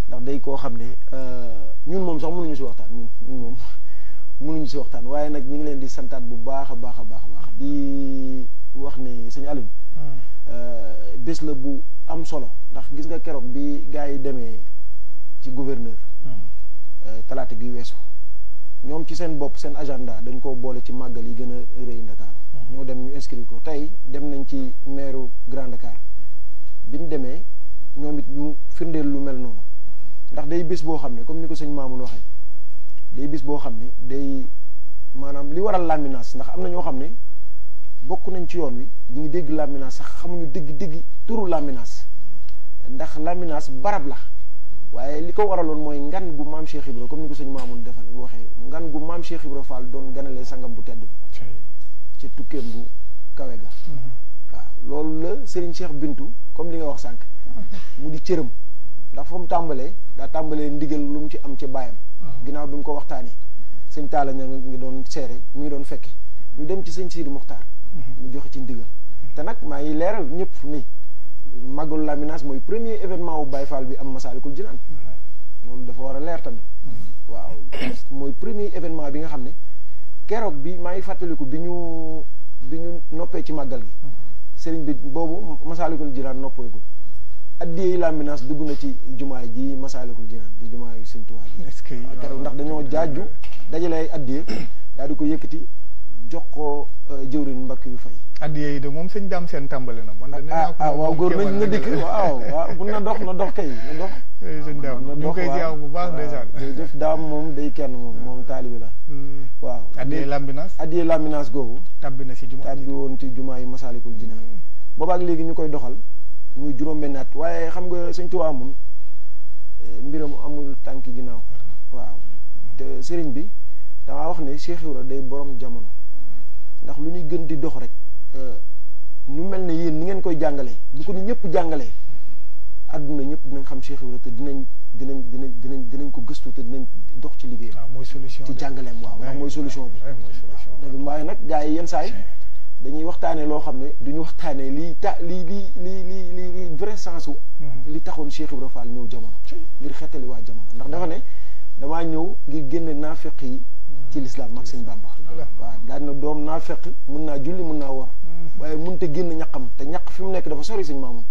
ndax day koo xam ne euh, ñun moom sax mënuñu si waxtaan ñun ñun moom mënuñu si waxtaan waaye nag ñu ngi leen di santaat bu baax a baax a baax a baax di wax ni sëñ Alioune hmm. euh, bés la bu am solo ndax gis nga keroog bi gars yi demee ci gouverneur hmm. euh, talaata gi weesu ñoom ci seen bopp seen agenda dañ koo boole ci màggal yi gën a rëy Ndakaaru hmm. ñoo dem ñu inscrire ko tey dem nañ ci maire Grand Dakar bi ñu demee ñoom it ñu firndeel lu mel noonu ndax day bés boo xam ne comme ni ko sëñ Mamoun waxee day bés boo xam ni day maanaam li waral laminaas ndax am na ñoo xam ne bokk nañ ci yoon wi ñu ngi dégg Laminas sax xamuñu dégg dégg turu Laminas ndax Laminas barab la waaye li ko waraloon mooy ngan gu maam Cheikh Ibra comme ni ko sëñ Maamoun defal waxee ngan gu maam Cheikh Ibra doon ganalee sangam bu tedd ci tukkeem gu kawe ga mm-hmm. waaw loolu la Serigne Cheikh Bintu comme li nga wax sànq mu di cëram ndax fa mu tàmbalee daa tàmbalee ndigal lu mu ci am ci baayam mm-hmm. ginnaaw bi mu ko waxtaanee mm-hmm. sëñ Talla ña ngi doon seere mi ngi doon fekke ñu dem ci sëñ Sidi Muxtaar ñu joxe ci ndigal te nag maa ngi leeral ñëpp ni màggalu Lambinaas mooy premier événement wu Baye Fall bi am Masaalikul Jinaan loolu dafa war a leer tamit waaw mooy premier événement bi nga xam ne keroog bi maa ngi fàttaliku bi ñu bi noppee ci màggal gi sëriñ bi boobu Masaalikul Jinaan noppeeku addiyey Lambinaas dugg na ci jumaay ji Masaalikul Jinaan di jumaay Sëriñ yi ji keroog ndax dañoo jaaju dajalee addiyee daa di ko yëkkati jox ko euh, jëwriñ mbakk yu fay. addiya yi de moom sëñ daam seen tàmbali na. man de nee naa ko ah waaw góor nañ na dikk waaw waaw bu na dox na dox kay na dox. Eh, sëñ daam ñu ngi koy jaaw bu daam moom day kenn moom moom taalibi la. Hmm. waaw addiya lambinaas. addiya lambinaas googu. tabbi na si jumaa tabbi ci jumaa yi masaalikul jinaan. Hmm. boobaak léegi ñu koy doxal muy juróom-benn at waaye xam nga sëñ Tuubaa moom eh, mbiram amul tànki ginnaaw. waaw te sëriñ bi damaa wax ne Cheikh day borom jamono. ndax lu ñuy gën di dox rek euh, ñu mel ne yéen ni ngeen koy jàngalee bu ko ni ñëpp jàngalee àdduna ñëpp dinañ xam Cheikh Ibrahima te dinañ dinañ dinañ dinañ dinañ ko gëstu te dinañ dox ci liggéeyam. Ah, mooy solution ci jàngaleem waaw ndax mooy solution bi. waaw waaye nag gars yi yenn saa yi dañuy waxtaanee loo xam ne duñu waxtaanee lii ta lii lii lii lii lii lii vrai sens mm-hmm. li taxoon Cheikh Ibrahima Fall ñëw jamono. ngir xettali waa jamono ndax dafa ne damaa ñëw ngir génne naafeq yi. Mm-hmm. ci lislaam ak sëñ Bàmba waaw daal na doom naa fekk mun naa julli mun naa wor mm-hmm. waaye munte génn ñaqam te ñaq fi mu nekk dafa sori sëñ maamun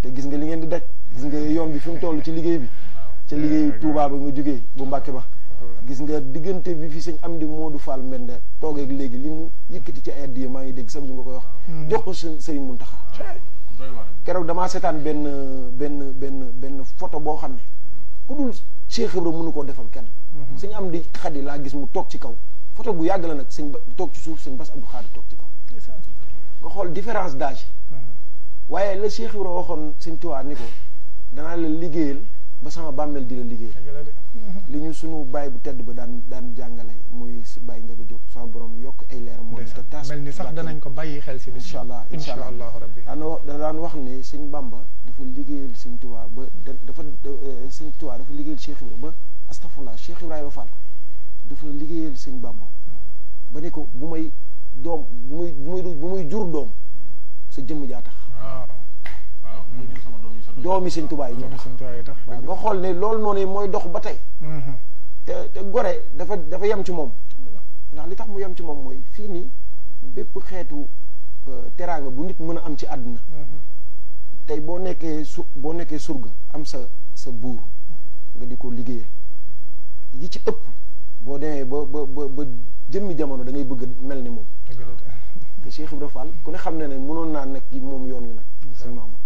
te gis nga li ngeen di daj gis nga yoon bi fi mu toll ci liggéey bi ca liggéey Touba ba nga jógee bu Mbàkke ba gis nga diggante bi fi sëñ Amdi Modou Fall Mbende toogeeg léegi li mu ci ay maa ngi dégg sax ju nga koy wax mm-hmm. jox ko sëriñ Muntaxa keroog damaa seetaan benn benn benn benn photo boo xam ne ku dul Cheikh Ibra mënu koo defal kenn mm-hmm. am di Xadi laa gis mu toog ci kaw photo bu yàgg la nag sëñ ba toog ci suuf sëñ bas abdou xaadir toog ci kaw nga xool différence d'âge mhm. waaye la Cheikh Ibra waxoon sëñ Tuubaa ni ko danaa la liggéeyal ba sama bàmmeel di la liggéeyal mhm. li ñu sunu bàyyi bu tedd ba daan daan jàngale muy bàyyi njëga jóg sama boroom yokk ay leeram moom te taas mel ni sax danañ ko bàyyi xel si incha allah incha allah rabbi da daan wax ne sëñ Bamba dafa liggéeyal sëñ Tuubaa ba dafa eh, sëñ Tuubaa dafa liggéeyal Cheikh Ibra ba astafurlah Cheikh Ibrahima dafa liggéeyal sëñ Bàmba ba ne ko bu may doom bu muy bu bu muy jur doom sa jëmm jaa tax doomi sëñ Tuubaa yi ñoo tax waaw nga xool ne loolu noonu mooy dox ba tey mm-hmm. te te gore dafa dafa yem ci moom ndax li tax mu yem ci moom mooy fii nii bépp xeetu euh, teraanga bu nit mën a am ci àdduna mm-hmm. tey boo nekkee su boo nekkee surga am sa sa buur nga di ko liggéeyal yi ci ëpp boo demee ba ba ba ba jëmmi jamono da bëgg mel ni moom. te Cheikh Ibrahima Fall ku ne xam ne ne mënoon naa nekk moom yoon wi nag. sëñ Mamour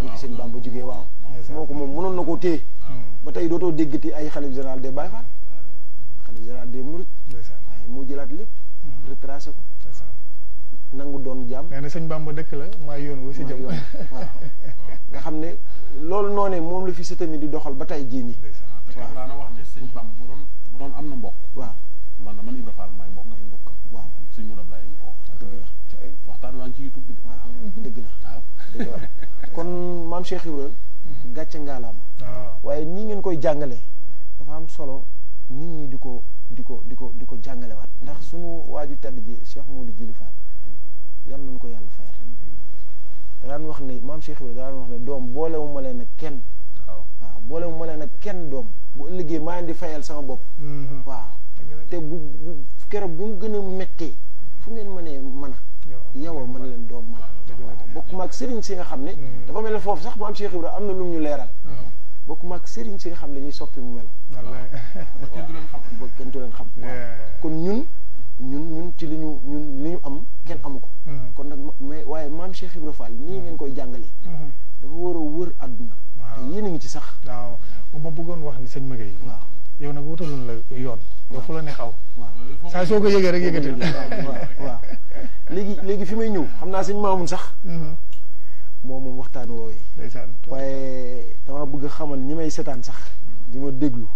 fii ci sëñ Bamba jógee waaw. moo ko moom mënoon na koo téye. Hmm. ba tey dootoo déggati ay xalif général de Baye Fall xalif général de Mouride. waaye moo jëlaat lépp. Hmm. retracé ko. nangu doon jàmm. nee na sëñ dëkk la maa yoon wu si jëm. waaw nga xam ne loolu noonee moom la fi sëtami di doxal ba tey jii nii. borom am na mbokk. waaw man man Ibra Fall may mbokk. may mbokk waaw suñu mërëb laay ko dëgg waxtaan waa ngi ci YouTube bi. dëgg la kon maam mhm. gàcce ngaalaama. waaye nii ngeen koy jàngalee dafa am solo nit ñi di ko di ko di ko di ko jàngalewaat ndax mhm. suñu waaju tedd ji Cheikh Modou Djily Fall yal nañu ko yàlla fayal mhm. daan wax ne maam Cheikh Ibra daan wax ne doom boolewuma leen ak kenn. waaw boolewuma leen ak kenn doom. bu ëllëgee maa leen di fayal sama bopp. Mm-hmm. waaw te bu bu keroog bu mu gën a méttee fu ngeen mënee mën a. yow a mën leen doom mën a. bokkuma ak sëriñ si nga xam ne. Mm-hmm. dafa mel ne foofu sax maam Cheikh Ibrahima am na lu mu ñu leeral. Mm-hmm. bokkuma ak sëriñ si nga xam ne dañuy soppi mu mel. wallaay kenn du xam. kenn leen xam. kon ñun. ñun ñun ci li ñu ñun li ñu am kenn amu ko mm-hmm. kon nag ma waaye maam Cheikh Ibra mm-hmm. ngeen koy jàngalee mm-hmm. dafa war a wër àdduna te ngi ci sax waaw ma bëggoon wax ni sëñ Maguette yi yow nag wutaloon yoon yow fu la neex aw waaw saa soo ko léegi fi may ñëw xam naa sëñ Maamun sax moom moom waxtaan woowee waaye dama bëgg xamal ñi may setaan sax di ma déglu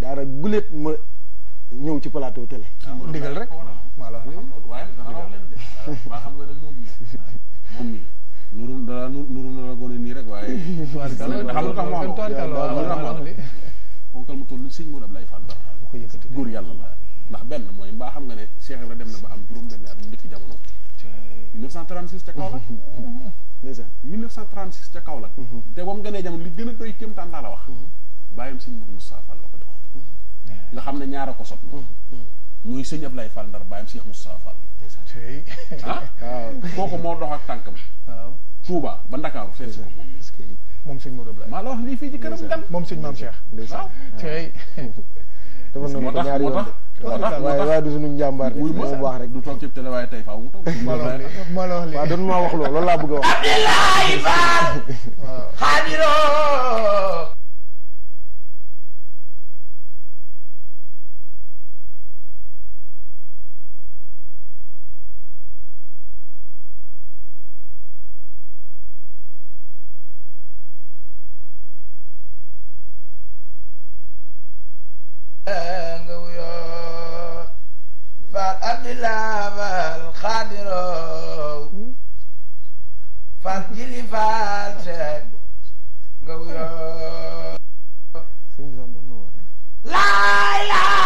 daara guléet ma ñew ci plateau télé. Ah, ndigal rek maa la wax léegi. waaye dana leen de xam nga ne moom mi mom mi nuru dara nuru na la gone nii rek waye xam nga xam tan tax ma wax ponkal mu toll nii sëñ Mourou Abdoulaye Fall Bar. bu ko yëkëti gor yalla la ndax ben moy mbaa xam nga ne Cheikh Ibrahima dem na ba am juroom ben at mu dëkk jamono. 1936 ca Kaolack. dèjà 1936 ca Kaolack. Mhm. te ba mu jamono li gëna doy kéemtaan tan la wax. Mhm. bayam sëñ Mourou Moustapha Fall nga xam ne ñaara ko sot mm-hmm. mm-hmm. muy sëñ Ablaye Fall Ndar bàyyam Cheikh Moustapha Fall ah kooku moo dox ak tànkam ba Ndakaaru seet si ko moom moom sëñ Modou Ablaye maa la wax lii fii ci këram gan moom sëñ maam Cheikh waaw ah? tey dafa noonu ko ñaari yoon de waaye du suñu njàmbaar ne bu baax rek du toog ci télé waaye tey faaw mu toog maa la wax lii wax loolu laa bëgg a wax Abdoulaye Fall xadiroo bilaabal xaadiroo fal jili faal seet nga laa ilaa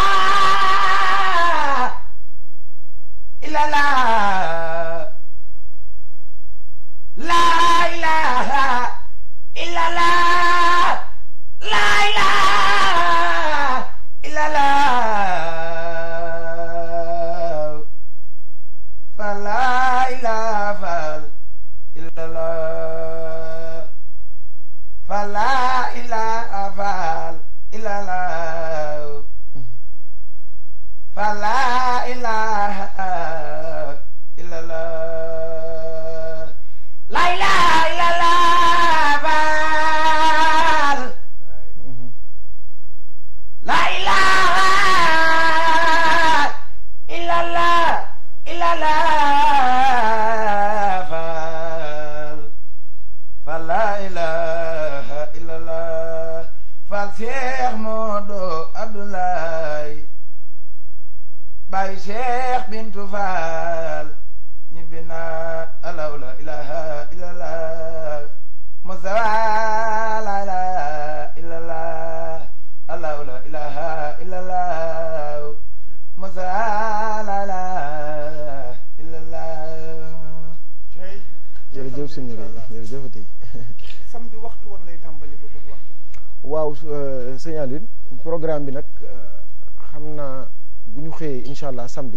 inshallah someday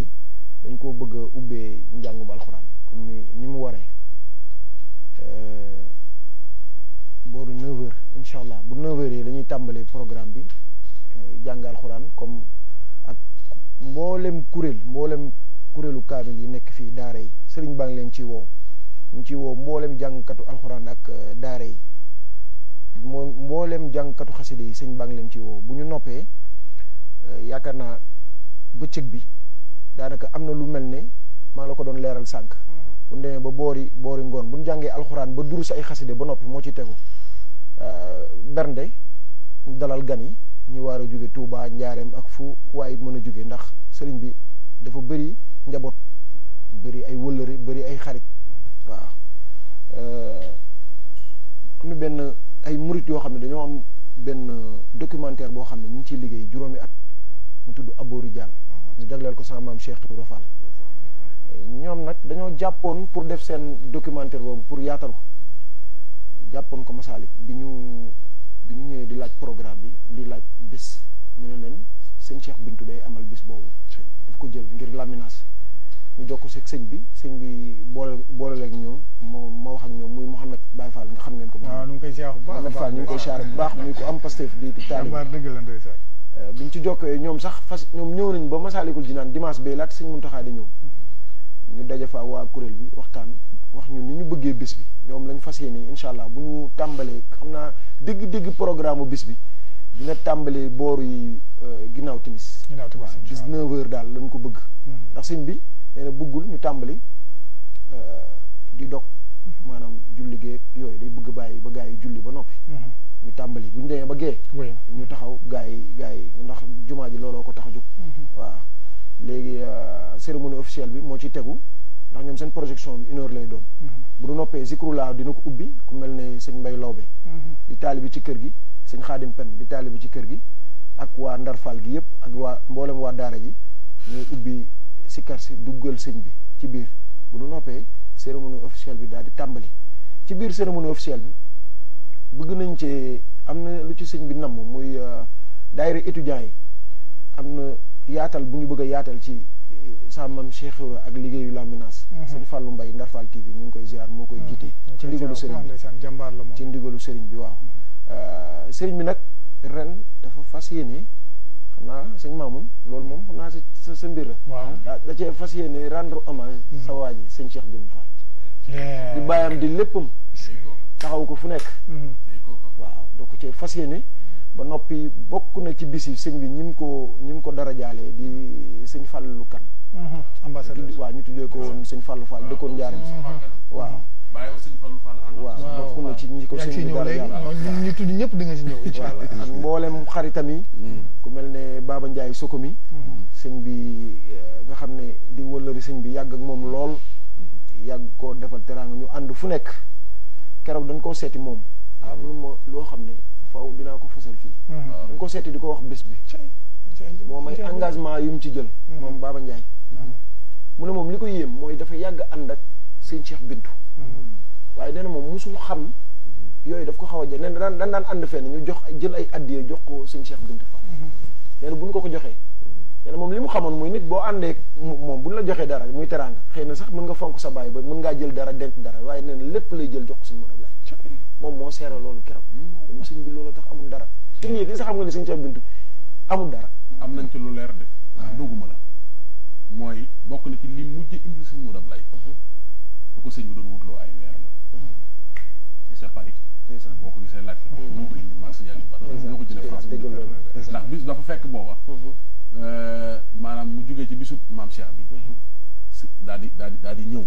sen documentaire bobu pour yaatal jappon ko masalik biñu biñu ñëw di laaj programme bi di laaj bis ñu leen sëñ Cheikh Bintu day amal bis bobu daf ko jël ngir laminaas ñu ko si sëñ bi sëñ bi bolé bolé ak ñoom mo ma wax ak ñoom muy mohammed Baye Fall nga xam ngeen ko. ah ñu ngi koy ziar bu baax Fall ñu ngi koy ziar bu baax muy ko am pastef di ma dëgg la ndoy sa eh, biñ ci jokkee ñoom sax ñoom ñëw nañ ba masalikul jinan dimanche bay lat sëñ Muntaxa di ñëw ñu daje fa waa kuréel bi waxtaan wax ñu ni ñu bëggee bis bi ñoom lañ fas yéene incha allah bu ñu tàmbalee xam naa dégg-dégg programme bis bi dina tàmbalee booru yi euh, ginnaaw timis. ginnaaw timis waaw 19 heures daal lañ ko bëgg. Mm-hmm. ndax sëñ bi nee bëggul ñu tàmbali euh, di dog mm-hmm. maanaam julli gee yooyu day bëgg bàyyi ba gars yi julli ba noppi. Mm-hmm. ñu tàmbali bu ñu demee ba gee. ñu taxaw gars yi gars yi ndax jumaa ji looloo ko tax a jóg. waaw léegi. Euh, cérémonie officielle bi moo ciy tegu ndax ñoom seen projection bi une heure lay doon mm-hmm. bu nu noppee zikrullah dina ko ubbi ku mel ne sëñ Mbay Lawbe mm-hmm. di taalibi ci kër gi sëñ Xaadim Pen di taalibi ci kër gi ak waa ndarfaal gi yëpp ak waa mboolem waa daara ji ñooy ubbi sikkar si duggal sëñ bi ci biir bu nu noppee cérémonie officielle bi daal di tàmbali ci biir cérémonie officielle bi bëgg nañ ci am na lu ci sëñ bi namm muy euh, daayira étudiants yi am na yaatal bu ñu bëgg yaatal ci sàmmam Cheikh Ibra ak liggéeyu La Menace mhm. sëñ Fallou Mbaye Ndar Fall TV ñu ngi koy ziar moo koy mhm. jiite ci ndigalu sëriñ bi ci ndigalu sëriñ bi waaw mhm. euh, sëriñ bi nag ren dafa fas yéene xam naa sëñ Mamoun loolu moom xam naa sa sa mbir la da cee fas yéene rendre hommage sa waa ji sëñ Cheikh Jëm Fall di bàyyam di léppam taxaw ko fu nekk waaw da ko cee fas yéene ba noppi bokk na ci bisi yi sëñ bi ñi ko ñi ko dara jaale di sëñ Fallou Kan mhm. ambassadeur ñu tuddee ko woon sëñ Fallou Fall dëkkoon njaaram mhm. waaw waaw bokk na ci ñi ko sëñ bi ñu tudd ñëpp di nga si ñëw incha allah ak mboolem xaritam mm. ku mel ne Baba Ndiaye Soko mi mm-hmm. sëñ bi eh, nga xam ne di wëllëri sëñ bi yàgg ak moom lool mm-hmm. yàgg ko defal teraanga ñu ànd fu nekk keroog dañ koo seeti moom mm-hmm. loo xam ne faaw dina ko fësal fii ngi hmm. ko setti diko wax bes bi mo may engagement yum ci jël mom hmm. Baba ndjay hmm. mu ne mom liko yem moy dafa yag ànd ak sëñ Cheikh bintou waaye nee na moom musul xam yoy daf ko xawa jël nee dan dan daan daan fenn ñu jox jël ay addiya jox ko seigne Cheikh bintou fa nee buñ ko ko joxe nee mom limu xamone moy nit bo àndee mom buñ la joxe dara muy teranga xeyna sax mën nga fonk sa baay ba mën nga jël dara denk dara waye nee lepp lay jël jox ko seigne Modou lay moom moo seere loolu keroog m hmm. sëñ bi loolu tax amul dara suñ ñi di sax xam nga ni suñu ceeb bintu amul dara am nañ ci lu leer de ah. doguma la mooy bokk na ci li mujj indi sëñ mu dab lay mm-hmm. lu ko sëñ bi doon wutloo ay weer la mm-hmm. c'est Paris boo ko gisee laaj ko ñoo mm-hmm. ko indi marché yàlla ba ñoo ko jëlee France ndax bis dafa fekk booba euh, maanaam mu jógee ci bisub maam Cheikh bi daal di daal di daal di ñëw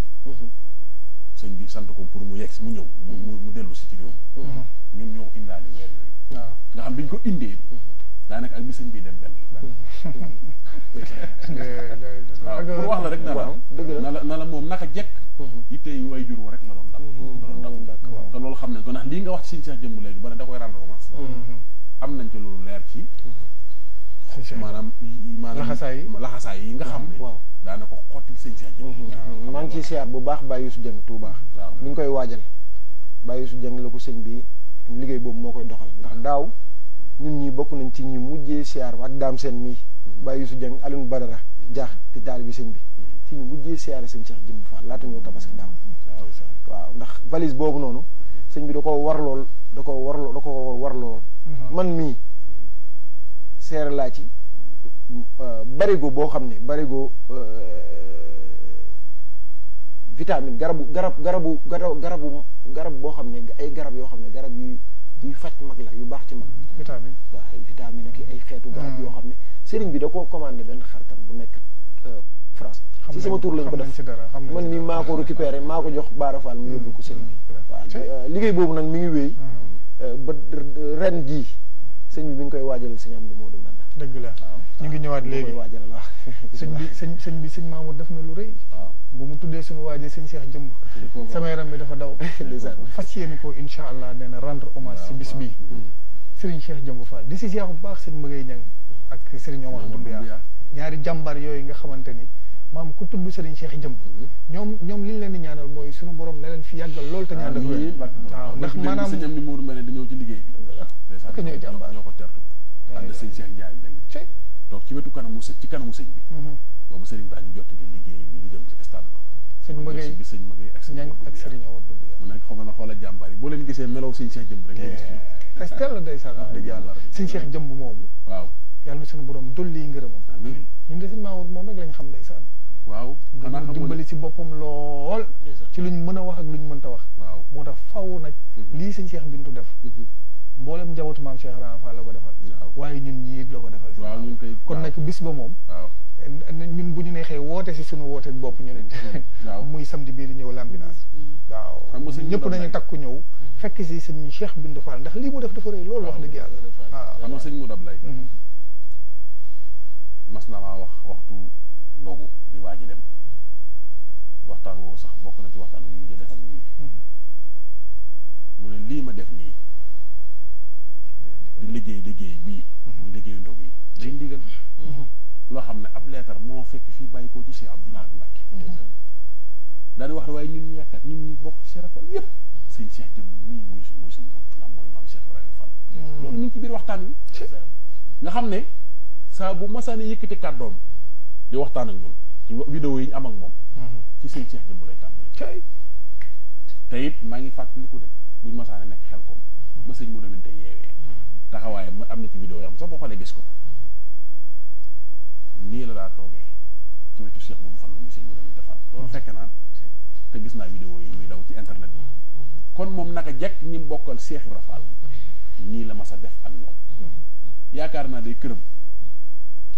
sëñ bi sant ko pour mu yegg si mu ñëw mu mu dellu si ci réew mi mm-hmm. ñun ñoo indaali weer yooyu nga xam bi ñu ko indee mm-hmm. daanaka ak bi sëñ bi dem benn mm-hmm. waaw pour wax la rek na la na la moom naka jekk yitte yi way jur wa rek la doon dam te loolu xam ko ndax lii nga wax ci sëñ Cheikh jëmm léegi ba da koy rendre hommage am nañ ci loolu leer ci maanaam maanaam laxasaay yi nga xam ne daana ko xottil sëñ Cheikh mhm. maa ngi ciy siyaat bu baax bàyyi Youssou Dieng Touba. baax mi ngi koy waajal bàyyi Youssou Dieng la ko sëñ bi liggéey boobu moo koy doxal ndax daaw ñun ñii bokk nañ ci ñi mujjee siyaar ak daam seen mii. Mhm. Baye Youssou Dieng Alioune Badara jaax di taal bi sëñ bi mhm. ci ñu mujjee siyaare sëñ Cheikh Jëmm Fall laata ñoo tabaski daaw. waaw ndax valise boobu noonu sëñ bi da koo warlool da koo warlool da koo warlool. man mii seere laa ci. Euh, barigo boo xam ne barigo euh, vitamine garabu garab garabu garabu garab boo xam ne ay garab yoo xam ne garab yu yuy faj mag la yu baax ci mag. vitamine waaw ay vitamine ak ay xeetu garab mm. yoo xam ne sëriñ bi da koo commandé benn xaritam bu nekk euh, France. ci sama tur lañ ko def man mi maa ko récupéré maa ko jox Baara mu yóbbu ko sëriñ bi. liggéey boobu nag mi ngi wéy. Mm-hmm. ba ren jii sëñ bi mu ngi koy waajalal sëñ am di Maodo man dëgg la ñu ngi ñëwaat léegi sëñ bi sëñ bi sëñ Mamour def na lu rëy bu mu tuddee suñu waaje sëñ Cheikh jëmb sama yaram bi dafa daw fas ko allah nee na rendre hommage si bis bii sëriñ Cheikh jëmb Fall di si Cheikh bu baax sëñ Mbëggey Ñang ak sëriñ Omar Dumbuya ñaari jàmbar yooyu nga xamante ni maam ku tudd sëriñ Cheikh jëmb ñoom ñoom li leen di ñaanal mooy suñu borom na leen fi yàggal lool te ñaan waaw ndax maanaam dañoo ci liggéey ak ñoo ko tertu ànd sëñ Cheikh donc ci wetu kanamu sëñ ci kanamu sëñ bi hmm boobu sëriñ baa ngi jottali liggéey bi ñu dem ci stade ba sëñ magay ci sëñ magay ak sëñ ak sëriñ awar dugg mu nekk xam na xola jambar yi bo leen gisee melaw sëñ Cheikh jëm rek nga gis ci teel la ndeysaan wax dëgg yàlla sëñ Cheikh jëmb moomu waaw yalla suñu borom dolli ngërëmam amin ñu de sëñ Mamour mom rek lañ xam ndeysaan waaw dama xamoon dimbali ci boppam lool ci luñ mëna wax ak luñ mënta wax waaw moo tax faw nag lii sëñ Cheikh Bintu def hmm mboolem njabootu maam Cheikh Ibrahima Fall la ko defal. waaye ñun ñii la ko defal. waaw ñun kay kon nag bis ba moom. ñun bu ñu neexee woote si suñu wooteeg bopp ñu ne. muy samedi bii di ñëw Lambinaas. Mm-hmm. waaw ñëpp nañu takku ñëw. Mm-hmm. fekk si sëñ Cheikh Bintou Fall ndax lii mu def dafa rëy loolu wax dëgg yàlla. waaw xam nga sëñ Modou Ablaye. Mm-hmm. mas na maa wax waxtu ndogu di waaj dem waxtaan woo sax bokk na ci waxtaan wu ñu mujj defal ñu mu ne lii ma def. liggéey liggéey bii mhm. muy liggéey ndog yi day ndigal loo xam ne ab leetar moo fekk fii bàyyi ko ci si Abdoulaye Mbacke mhm. daana wax ne waaye ñun yaakaar ñun ñi bokk serafal yépp sëñ Cheikh jëm mii muy muy suñu bunt ndax mooy maam Cheikh Ibrahima Fall mhm. loolu ñu ngi nga xam ne saa bu masaane yëkkati kàddoom di waxtaan ak ñun ci vidéo yi ñu am ak moom ci sëñ Cheikh jëm bu lay tàmbali te maa ngi fàttaliku de buñ masaane nekk xel ko ba sëñ mu demante yee taxawaaye ma am na ci vidéo yoo xam sax boo xoolee gis ko nii la daa toogee ci wetu Cheikh Boubou mu sëñ mu loolu fekk naa gis naa vidéo yi muy daw ci internet kon moom naka jekk ñi bokkal Cheikh Ibra Fall la mas a def ak ñoom naa day këram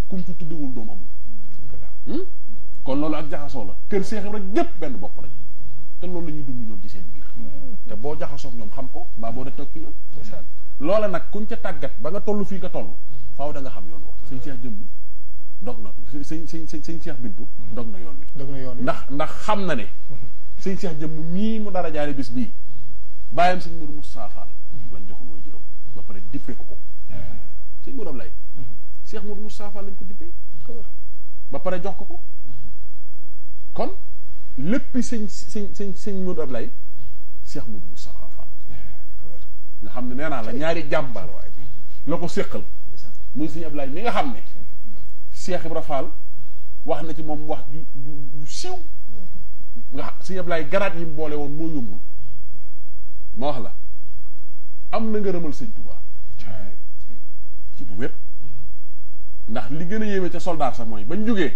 kum tuddewul doom hmm? kon loolu ak jaxasoo la kër Cheikh Ibra gépp benn bopp te loolu la ñuy dund ñoom ci seen biir te boo jaxasoo ñoom xam ko mbaa boo def toog ci ñoom Lola nak kuñ ca tagat ba nga tollu fi nga toll faaw da nga xam yoon wax seigne Cheikh djum dog na seigne seigne Cheikh Bintu dog na yoon wi dog na yoon wi ndax ndax xam na ne seigne Cheikh djum mi mu dara jaare bis bi bayam seigne Mourou Moussa Fall lañ joxoon moy djuroom ba pare dippé ko ko seigne Mourou lay Cheikh Mourou Moussa Fall lañ ko dippé ba pare jox ko ko kon lepp seigne seigne seigne Mourou lay Cheikh Mourou nga xam ne nee naa la ñaari jàmbaar la ko séqal muy sëñ Ablaay mi nga xam ne Cheikh Ibra wax na ci moom wax ju ju siiw nga sëñ Ablaay garaat yi mu boole woon moo yombul ma wax la am na ngërëmal sëñ Tuubaa ci bu wér ndax li gën a yéeme ca soldaar sax mooy bañ jógee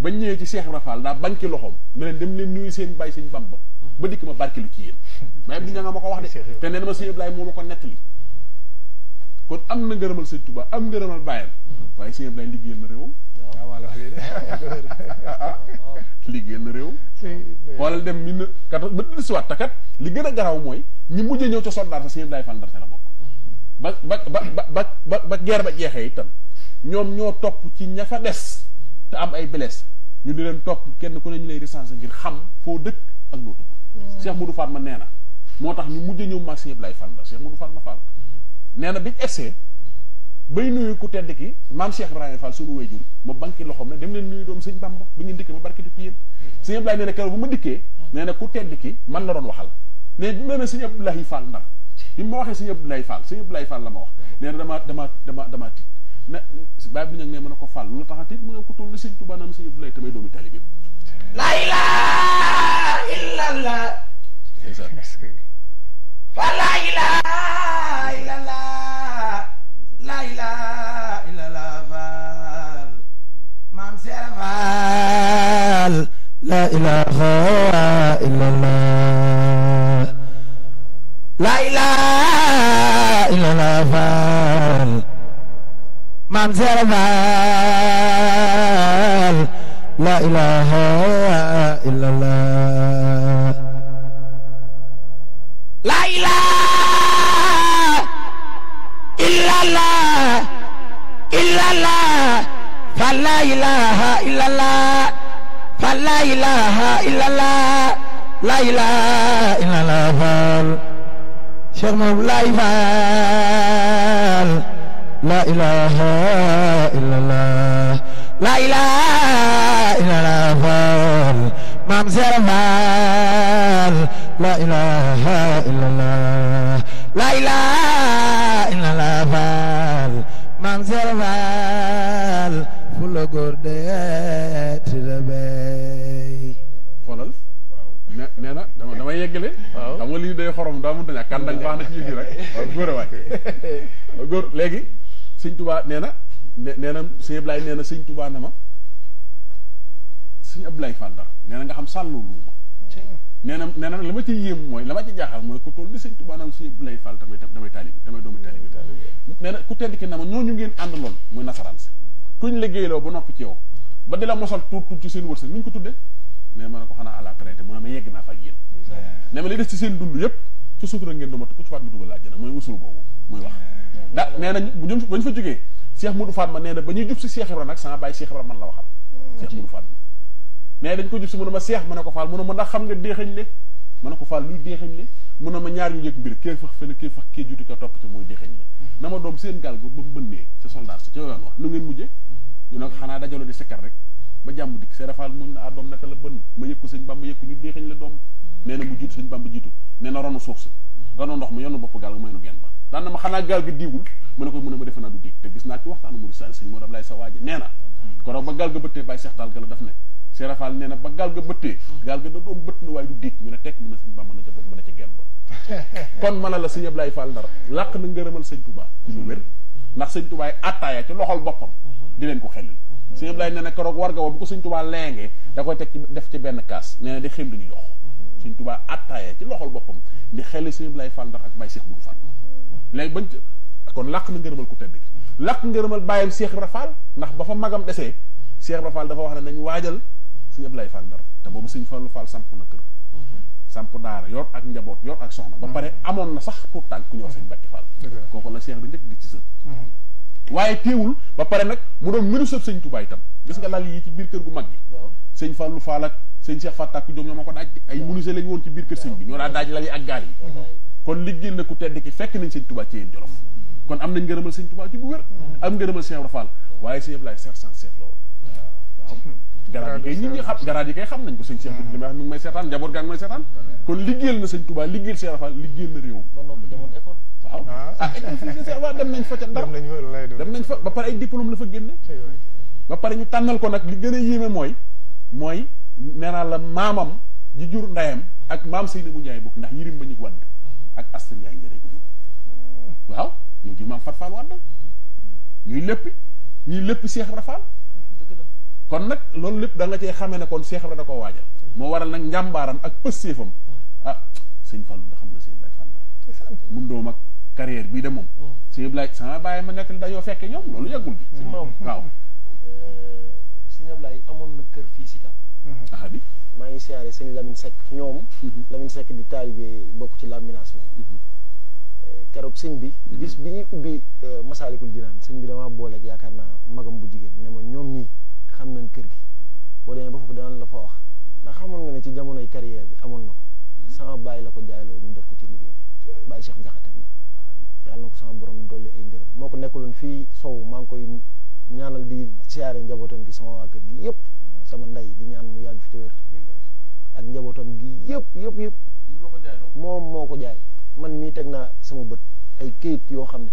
bañ ñëwee ci Cheikh Ibra Fall daa ci loxoom ne leen dem leen nuyu seen bàyyi sëñ Bamba ba dikk ma barkelu ci yeen may bu ñanga mako wax de te nee ma sëñ Ablaye moo ko kon am na ngeeramal seigne Touba am ngeeramal bayam waaye sëñ Ablaye liggeel na réewam liggeel na rew wala dem min kat ba wat siwaat takat li gën garaw moy ñi mujjé ñew ci soldat sa sëñ fal Fall Ndarté la bok mm-hmm. ba ba ba ba ba ba guerre ba jexé itam ñom ño top ci ñafa fa des te am ay blesse ñu di leen top kenn ku ne ñu lay recenser ngir xam fo dekk ak noo tudd Cheikh Moudou Fatma nee na moo tax ñu mujj ñëw mag Cheikh Ibrahima Fall Cheikh Moudou Fatma Fall nee biñu essé bay nuyu ku tedd ki mam Cheikh ibrahim Fall suñu wéyjur mo banki loxom ne dem leen nuyu doom seigne Bamba bu ngeen dikke ma barki du piyéen sëñ Abdoulaye nee na bu ma dikke nee ku tedd ki man la doon waxal mais nee na sëñ Abdoulaye Fall ndax bi mo waxe sëñ Abdoulaye Fall sëñ Abdoulaye Fall la ma wax nee dama dama dama dama tit tiit na bi nag ne mën ko Fall lu taxati tax ko tollu seigne touba nam seigne sëñ tamay doomi taalibe laa ilaaha illallah fa laa ilaaha illallah laa ilaaha illallah faal maam seera faal laa ilaaha illallah laa ilaaha illallah faal maam seera faal laa ilaaha illallah laa ilaaha illallah illallah fa laa ilaaha illallah fa laa ilaaha illallah laa ilaaha illallah faal Cheikh Mamadou Laay Faal laa ilaaha illallah la ilaha illallah faal maam seera la ilaha illallah la ilaha maam seera fu la góor dee ti la bay xoolal nee na dama xam nga lii day xorom daa mënta ñàkk kan dañ baax na ci yëf rek góor a waay góor léegi Sëñ Tuubaa nee ne nee na sëñ laay nee na sëñ Touba na ma sëñ Ablaye Fall Ndar nee na nga xam sàllulu ma nee na nee ma ci yéem mooy la ma jaaxal mooy ku toll ni sëñ Touba na ma sëñ damay damay taalibi damay doomi taalibi ki na ma ñooñu ngeen àndaloon muy nasaraan si kuñ liggéeyloo ba noppi ci yow ba di la mosal tuut tuut ci seen wërsëg ni ko tudde nee ma ne ko xanaa à la traité mu ne ma yegg naa fa ak yéen nee ma li des ci seen dund yëpp ci sutura ngeen du mat ku ci faat mu dugal àjjana mooy usul boobu muy wax fa jógee Cheikh Moudou Fatma nee na ba ñuy jub Cheikh Ibrahima nak sama bàyyi Cheikh Ibrahima man la waxal mm. Cheikh Moudou Fatma mais dañ ko jup ci mu ma Cheikh mu ne ko Fall mu ma ndax xam nga déexañ le mu ne ko Fall luy déexañ le mu ma ñaar ñu yëg mbir kee fax fële kee fax kee jutu ka top ci moy déexañ le mm-hmm. nama dom seen gal go bu bënnee ci soldat ci ca yoon wax lu ngeen mujjé mm-hmm. ñu nak xana xanaa dajaloo di sikkar rek ba jamm dik sé rafal muñ a ah dom nak la bënn ma yëg ko Bamba yëg ñu déexañ la dom mm-hmm. nee na mu jitu sëñ Bamba jitu nee na ronu suuf sa ronu ndox mu yenu bop gal mu may nu geen ba daan na ma xanaa gaal gi diwul mu ne ko mën a ma defe naa du diig te gis naa ci waxtaanu Mouride Sall sëñ Modou Ablaye sa waaji nee na koroog ba gaal ga bëttee bàyyi seex daal ga la def ne seerafal nee na ba gaal ga bëttee gaal ga da doon bëtt na waaye du diig ñu ne tekk mën a sëñ ba mën a jabo mën a ci genn ba kon mën a la sëñ Ablaye Fall Ndar làq na ngërëmal sëñ Touba ci lu wér ndax sëñ Touba yi attaaya ci loxol boppam di leen ko xellil sëñ Ablaye nee na koroog war nga wa bu ko sëñ Touba leengee da koy teg ci def ci benn kaas nee na di xel ñu Ndar lay bañ kon lak na ngeureumal ku tedd lak ngeureumal bayam nah Cheikh rafal ba fa magam dessé Cheikh rafal dafa wax na nañ waajal sëñ Ablaye Fall dar te bobu sëñ Fallu Fall samp na keur samp daara yor ak njabot yor ak soxna ba paré amon na sax pour tànk ku ñëw sëñ Mbàkke Fall kooku la Cheikh bi ndek gis ci seul waye teewul ba paré nak mu do mënu sëb sëñ itam gis nga lal yi ci bir keur gu mag gi Fallu Fall ak Cheikh Fatak ku jom ay lañ won ci bir keur bi ñoo daj lal ak gaal kon liggéeyal na ku tedd ki fekk nañ seigne touba ci yeen jorof kon am nañ ngërëmal seigne touba ci bu wër am ngërëmal sëñ rafal waye seigne Ablaye seex san seex loolu waaw kay nit ñi xam garaat kay xam nañ ko sëñ seex li wax mi may seetaan njaboot gaa may seetaan kon liggéeyal na sëñ tubaa liggéeyal sëñ rafal liggéeyal na réewam waaw ah seex ah, waa dem nañ fa ca ndar dem nañ fa ba ay diplôme la fa ba ñu ko li a la ji jur ak ndax yirim ba ñu ak Asta Ndiaye njëriñ waaw ñoo jumaa Fat Fall Wade ñu lepp ñuy lepp Cheikh rafal kon nak lool lepp da nga cee xamé ne kon Cheikh Ibra da koo waajal waral nak njambaram ak pëstéefam ah seigne Fallu da xam nga seigne Ibrahima fallu mun doom ak carrière bi de mom seigne blay sama baye ma nekk yo fekke ñom loolu yagul bi euh seigne blay amon na kër fii si ah ahadi maa ngi siyaare sëñ Lamine Seck ñoom. Mhm. Lamine sekk di taalibe bokk ci lamination mhm. eh, keroog sëñ bi. Mhm. bis bi ñuy ubbi eh, Masaalikul Jinaan sëñ bi damaa booleeg yaakaar naa magam bu jigéen ne ma ñoom ñii xam nañ kër gi boo demee ba foofu danañ la fa wax ndax xamoon nga ne ci jamonoy carrière bi amoon na ko sama bàyyi la ko jaayloo ñu def ko ci liggéey bi bàyyi Cheikh Jaxate mi yàlla ko sama borom dolli ay ngërëm moo ko nekkuloon fii Sow maa ngi koy ñaanal di siyaare njabootam gi sama kër gi yëpp sama ndey di ñaan mu yàgg fi te ak njabootam gi yëpp yëpp yëpp moom moo ko jaay man mii teg naa sama bët ay kayit yoo xam ne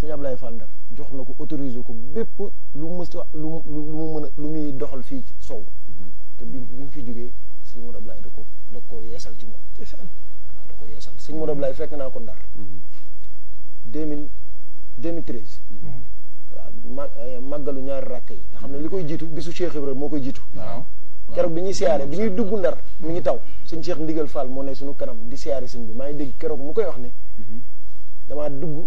sëñ Ablaye Fall Ndar jox na ko autorisé ko bépp lu mës lu mu mën a lu muy doxal fii ci sow mm-hmm. te bi mu fi jógee sëñ Modou Ablaye ko da ko yeesal ci moom da ko fekk naa ko Ndar mm-hmm. deux mille deux mille treize mm-hmm. waaw ñaari rakk yi nga xam ne li koy jiitu bisu Cheikh Ibrahima moo koy jiitu waaw keroog bi ñuy siyaare bi ñuy dugg ndar mi ngi taw suñ Cheikh Ndigal Fall moo ne suñu kanam di siyaare sëñ bi maa ngi dégg keroog mu koy wax ne mhm. damaa dugg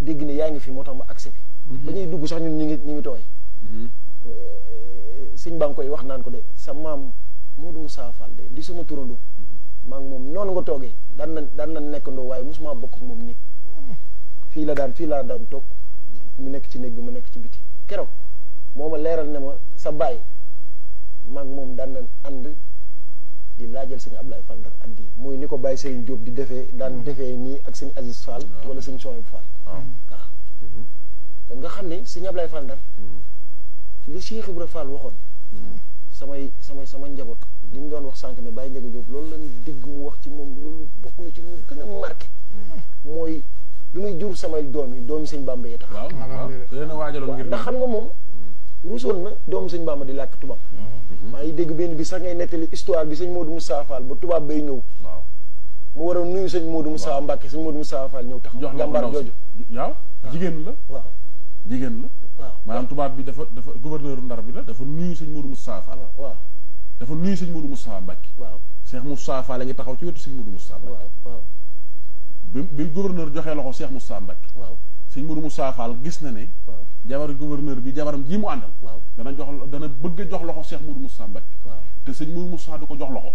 dégg ne yaa ngi fi moo ma accès bi mhm. ñuy dugg sax ñun ñu ngi ñu ngi tooy mhm. eh, sëñ baa ngi wax naan ko de sa maam Modou Moussa Fall de di sama turando maa ngi moom noonu nga toogee daan na daan na nekkandoo waaye mosuma bokk moom néeg fii fii laa daan toog mu nekk ci néeg bi ma nekk ci biti keroog moo ma leeral ne ma sa baay maag moom daan nañ ànd di laajal sëñ ablaay Fall Ndar addi muy ni ko bàyyi sëñ jóob di defee daan mm-hmm. defee nii ak sëñ Aziz Fall mm-hmm. wala sëñ Sohib Fall ah. waaw mm-hmm. nga xam ne sëñ Ablaye Fall Ndar li Cheikh Ibra Fall waxoon samay samay sama njaboot li ñu doon wax sànq ne Baye Ndiaga Diop loolu lañu digg mu wax ci moom loolu bokk na ci lu gën a marqué mooy lu muy jur samay doom yi doomi sëñ Bàmba yi tax ndax xam nga moom ruusoon na doomu sëñ Bàmba di làkk tubaab maa ngi dégg benn bi sax ngay nettali histoire bi sëñ Modou Moussa Fall ba tubaab bay ñëw. waaw mu war a nuyu sëñ Modou Moussa Mbacke sëñ Modou Moussa Fall ñëw taxaw. jox jàmbaar jooju waaw jigéen la. jigéen la. waaw tubaab bi dafa dafa gouverneur ndar bi la dafa nuyu sëñ Modou Moussa Fall. waaw dafa nuyu sëñ Modou Moussa Mbacke. waaw Cheikh Moussa Fall la ngi taxaw ci wetu sëñ Modou Moussa Mbacke. waaw waaw. bi bi gouverneur joxee loxo Cheikh Moussa Mbacke. waaw sëñ Mourou Moussa Fall gis na né jabar gouverneur bi jabaram ji mu àndal dana jox dana bëgg jox loxo Cheikh Mourou Moussa Mbacké te sëñ Mourou Moussa du ko jox loxo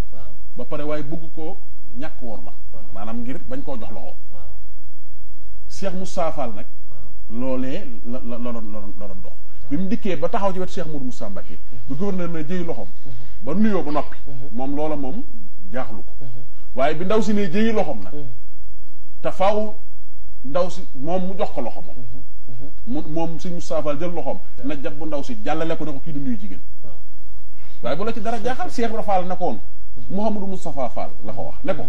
ba paré way bëgg ko ñak wor ma manam ngir bañ ko jox loxo Cheikh Moussa Fall nak lolé la doon la doon dox bimu dikké ba taxaw ci wetu Cheikh Mourou Moussa Mbacké mhm. bi gouverneur na jëy loxom mhm. ba nuyo bu nopi mom mhm. loola mom jaxlu ko waye bi ndaw si ne jëyi loxom nag ta faaw ndaw si moom mu jox ko loxo mhm. mhm. moom moom suñ Moustapha jël loxoom na jàpp ndaw si jàllale ko ne ko kii du nuyu jigéen waaye bu ci dara jaaxal Cheikh Ibra Fall nekkoon mhm. Mouhamadou Moustapha Fall la ko wax ne ko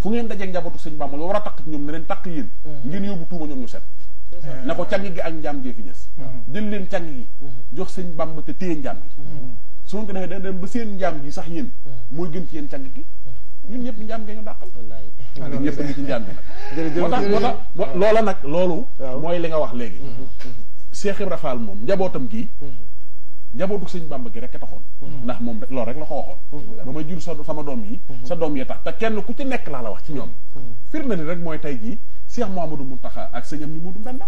fu ngeen dajeeg njabootu sëñ Bamba la war a takk ñoom ne leen takk yéen ngeen yóbbu tuuma ñoom ñu set ne ko càng gi ak njaam jee fi des jël leen càng gi jox sëñ Bamba te téye njaam gi su ngeen ko defee da leen ba seen njaam gi sax yéen mooy gën ci yéen càng gi ñun ñëpp njaam ngeen ñu dàqal. wallaay ñun ñëpp ngi ci njaam gi nag. moo tax moo tax loola nag loolu. mooy li nga wax léegi. Mm-hmm. Mm-hmm. Cheikh Ibra moom njabootam gii. Mm-hmm. njabootu sëñ Bàmba gi rek a taxoon. ndax moom loolu rek la ko waxoon. ba may jur sa sama doom yi. sa doom yi tax te kenn ku ci nekk laa la wax ci ñoom. firnde li rek mooy tey jii Cheikh Mouhamadou Mountakha ak sëñ am ñu Moudou Mbenda.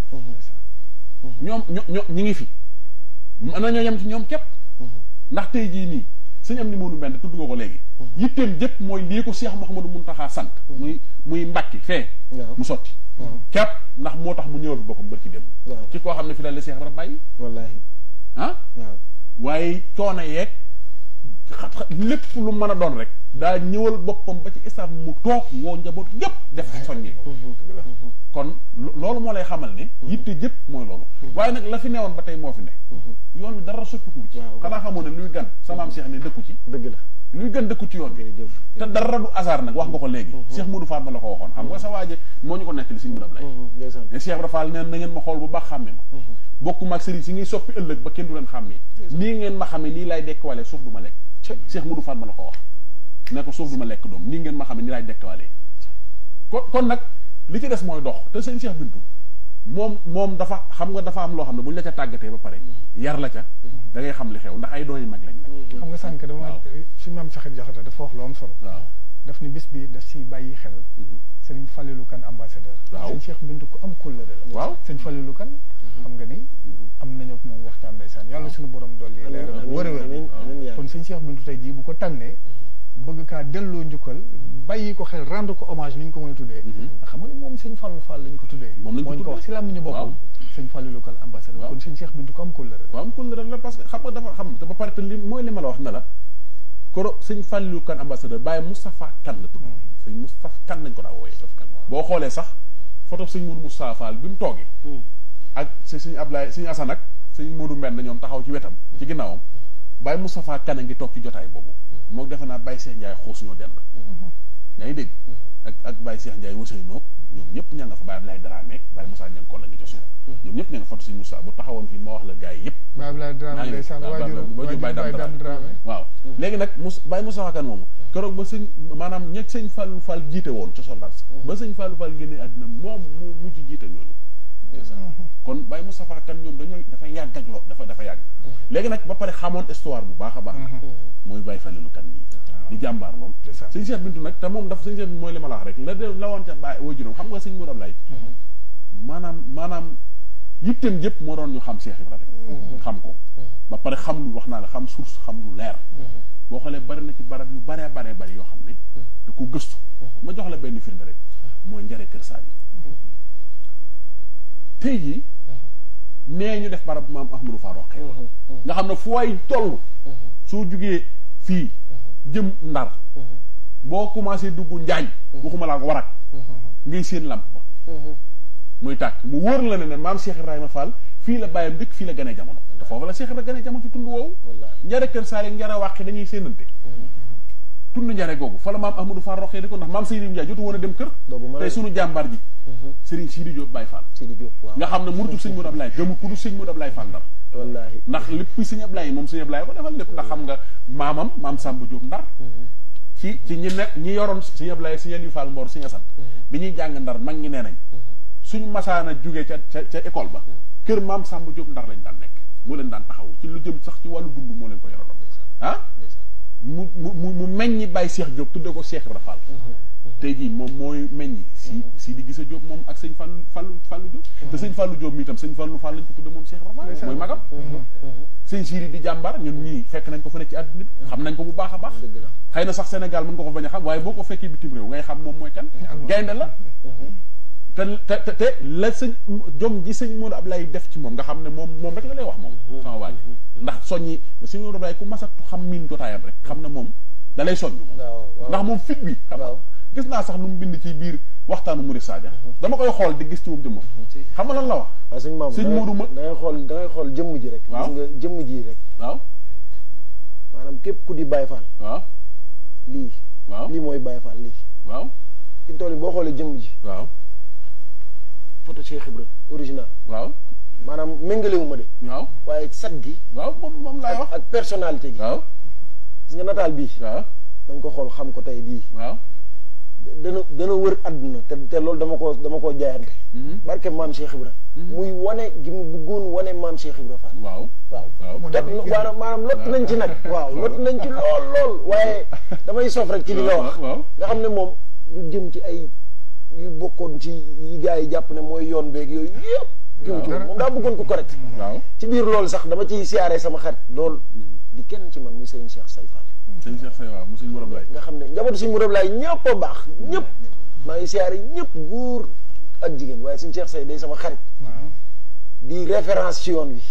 ñoom ñoo ñi ngi fi. mën nañoo yem ci ñoom képp. ndax tey jii nii. sëñ am ni moonu mbenn tudd nga ko léegi mm-hmm. yitteem jëpp mooy lii ko Cheikh Mouhamadou taxaa sant mm-hmm. muy muy mbàkki fee mu sotti mm-hmm. kepp ndax moo tax mu ñëwal fi boppam bërki dem ci koo xam ne fi la la Cheikh Ibra bàyyi wallaahi ah waaye coono yeeg lépp lu mën doon rek daa ñëwal boppam ba ci islam mu toog woo njaboot yépp def soññi kon loolu moo lay xamal ne yitte jëpp mooy loolu waaye nag la fi newoon ba tey moo fi ne yoon bi dara soppiku ci xanaa xamoo ne luy gan samaam Cheikh ne dëkku ci dëgg la gën dëkku yoon bi te dara du hasard nag wax nga ko léegi Cheikh Modou Fall la ko waxoon xam nga sa waaje moo ñu ko nettali suñu dab lay ne Cheikh Ibra Fall neen na ngeen ma xool bu baax xàmme ma bokkuma ak sëriñ si ngay soppi ëllëg ba kenn du leen xàmmee nii ngeen ma xàmmee nii lay wale suuf du ma lekk marché Cheikh du Fall ma la ko wax ne ko suuf du ma lekk doom nii ngeen ma xam ne ni laay dekkwalee kon kon nag li ci des mooy dox te sëñ Cheikh Bintu moom moom dafa xam nga dafa am loo xam ne bu ñu la ca tàggatee ba pare yar la ca da xam li xew ndax ay doo yu mag lañ nag xam nga sànk dama suñu maam Cheikh Jaxate dafa wax lu am solo daf ni bis bi daf si bàyyi xel. Mhm. sëriñ Falilou Kane ambassadeur. waaw sëñ Cheikh Bintu ko am kóllëre la. waaw sëñ Falilou Kane. Mhm. xam nga ni. Mhm. am nañu ak moom suñu borom dolli. leeral wër wër kon sëñ Cheikh Bintu jii bu ko tànnee. bëgg kaa delloo njukkal bàyyi ko xel rendre ko moo ñu ko wax si làmmiñu boppam. ambassadeur. kon sëñ Cheikh Bintu ko am kóllëre la. waaw am parce que xam nga dafa xam ba pare li mooy li wax na la koro sëñ Fallou Kane ambassadeur bàyyi Moustapha Kane la tudd. Mm. sëñ Moustapha kan lañ ko daa wooyee. boo xoolee sax photo sëñ Mourou Moustapha Fall bi mu toogee. Mm. ak sëñ Ablaye sëñ Assane ak sëñ Mourou Mbène ñoom taxaw ci wetam. Mm. ci ginnaawam bàyyi Moustapha Kane a ngi toog ci jotaay boobu. moo defe naa Baye Cheikh Ndiaye xuus ñoo dend. yaa ngi dégg. ak ak Baye Cheikh Ndiaye wësee noog ñoom ñëpp ña nga fa Baye Abdoulaye Dramé Baye Moussa ko la ngi ci suuf. ñoom ñëpp ngeen foto sëñ Moussa bu taxawoon fii moo wax la gars yi yëpp waajur Baye Dame Dramé waaw léegi nag Moussa Baye Moussa Kane moomu keroog ba sëñ maanaam ñeg sëñ Fallou Fall jiite woon ca soldat sa ba sëñ Fallou Fall génne àddina moom mu mujj jiite ñooñu kon Baye Moussa Kane ñoom dañoo dafa yàgg ak lool dafa dafa yàgg léegi nag ba pare xamoon histoire bu baax a baax mooy Baye Fallou Kane nii di jàmbaar lool sëñ Cheikh Bintou nag te moom dafa sëñ Cheikh mooy la wax rek de la woon ca Baye waajuram xam nga sëñ Mourad yittem yépp mo doon ñu xam Cheikh ibrahim mm-hmm. xam ko mm-hmm. ba pare xam lu wax na la xam source xam lu leer mm-hmm. bo xoolee bari na ci barab yu baree baree bari yo xam da ko gëstu ma jox la benn firnde rek mo njare kër sa bi tey jii ñu def barab maam Ahmadou Faro xëy nga xam fu way toll soo jugee fi jëm ndar bo commencé duggu njaañ waxuma la ko warak ngay seen làmp ba muy tàkk mu wóor la ne ne maam Cheikh Ibrahima Fall fii la bàyyam dëkk fii la gën a jamono te foofu la Cheikh Ibrahima a jamono ci tund woowu njare kër saale njare wàqi dañuy séenante mm-hmm. tund njare googu fa la maam Ahmadou Fall roxee di ko ndax maam Seydou Ndiaye jotu woon a dem kër tey sunu jàmbaar ji mm-hmm. Serigne Sidi Diop Baye Fall nga xam ne murtu sëñ Modou Ablaye gëmu kudu sëñ Modou Ablaye Fall ndar ndax lépp sëñ Ablaye moom sëñ Ablaye ko defal lépp ndax xam nga maamam maam mm-hmm. ñi nekk ñi yoroon sëñ Ablaye sëñ Aliou Fall Mor sëñ Assane bi ñuy jàng ndar mag ñi suñ masaana jugee ca ca ca école ba hmm. kër maam Samba Diop ndar lañ daan nekk moo leen daan taxaw ci lu jëm sax ci wàllu dund moo leen ko yoraloon ah mu mu mu meññi Baye Cheikh Diop tudde ko Cheikh Ibra Fall hmm, hmm, moom mooy meññi si si di gisa Diop moom ak sëñ Fallou Fallou Fallou Diop te sëñ Fallou Diop mi itam sëñ Fallou Fall lañ ko tudde moom Cheikh Ibra Fall mooy magam sëñ Siri di jàmbaar ñun ñii fekk nañ ko fa ne ci àdduna bi xam nañ ko bu baax a baax xëy na sax Sénégal mën nga ko bañ a xam waaye boo ko fekkee bitim réew ngay xam moom mooy kan gaynde la te te te la sëñ jom ji sëñ Modou lay def ci moom nga xam ne moom moom rek la lay wax moom mm-hmm. sama waaj mm-hmm. mm-hmm. ndax soññi sëñ Modou Ablaye ku masat xam miin jotaayam rek xam ne moom da lay soññ moom moom fit bi gis naa sax lu mu bind ci biir waxtaanu Mouride Sadia dama koy xool di gis moom xam nga lan la wax sëñ maam sëñ Modou ma da ngay xool da xool jëmm ji rek gis nga jëmm ji rek waaw maanaam képp ku di Baye Fall waaw lii waaw lii mooy Baye Fall lii waaw fi mu boo xoolee jëmm ji waaw photo Cheikh Ibra original waaw maanaam méngalewu ma de waaw waaye sat gi waaw moom laay wax ak personnalité gi waaw gis nga nataal bii dañ ko xool xam ko tey dii waaw dana dana wër àdduna te te dama ko dama koo jaayante mm-hmm. barke maam Cheikh Ibra mm-hmm. muy wane gi mu bëggoon wane maam Cheikh Ibra Fall waaw maanaam lot nañ ci nag waaw lot nañ ci lool lool waaye damay sof rek ci li nga wax nga xam ne moom du jëm ci ay yu bokkoon ci yi gars yi jàpp ne mooy yoon beeg yooyu yëpp. moom daa bëggoon ko correct. waaw ci biir lool sax dama ci siyaaree sama xarit lool. Mm-hmm. di kenn ci man mu sëñ Cheikh Say Fall. sëñ Cheikh Say Fall mu nga xam ne njabootu sëñ Mourab Laye ñëpp a baax ñëpp. maa ngi siyaare ñëpp góor ak jigéen waaye sëñ Cheikh Say day sama xarit. di référence ci yoon wi.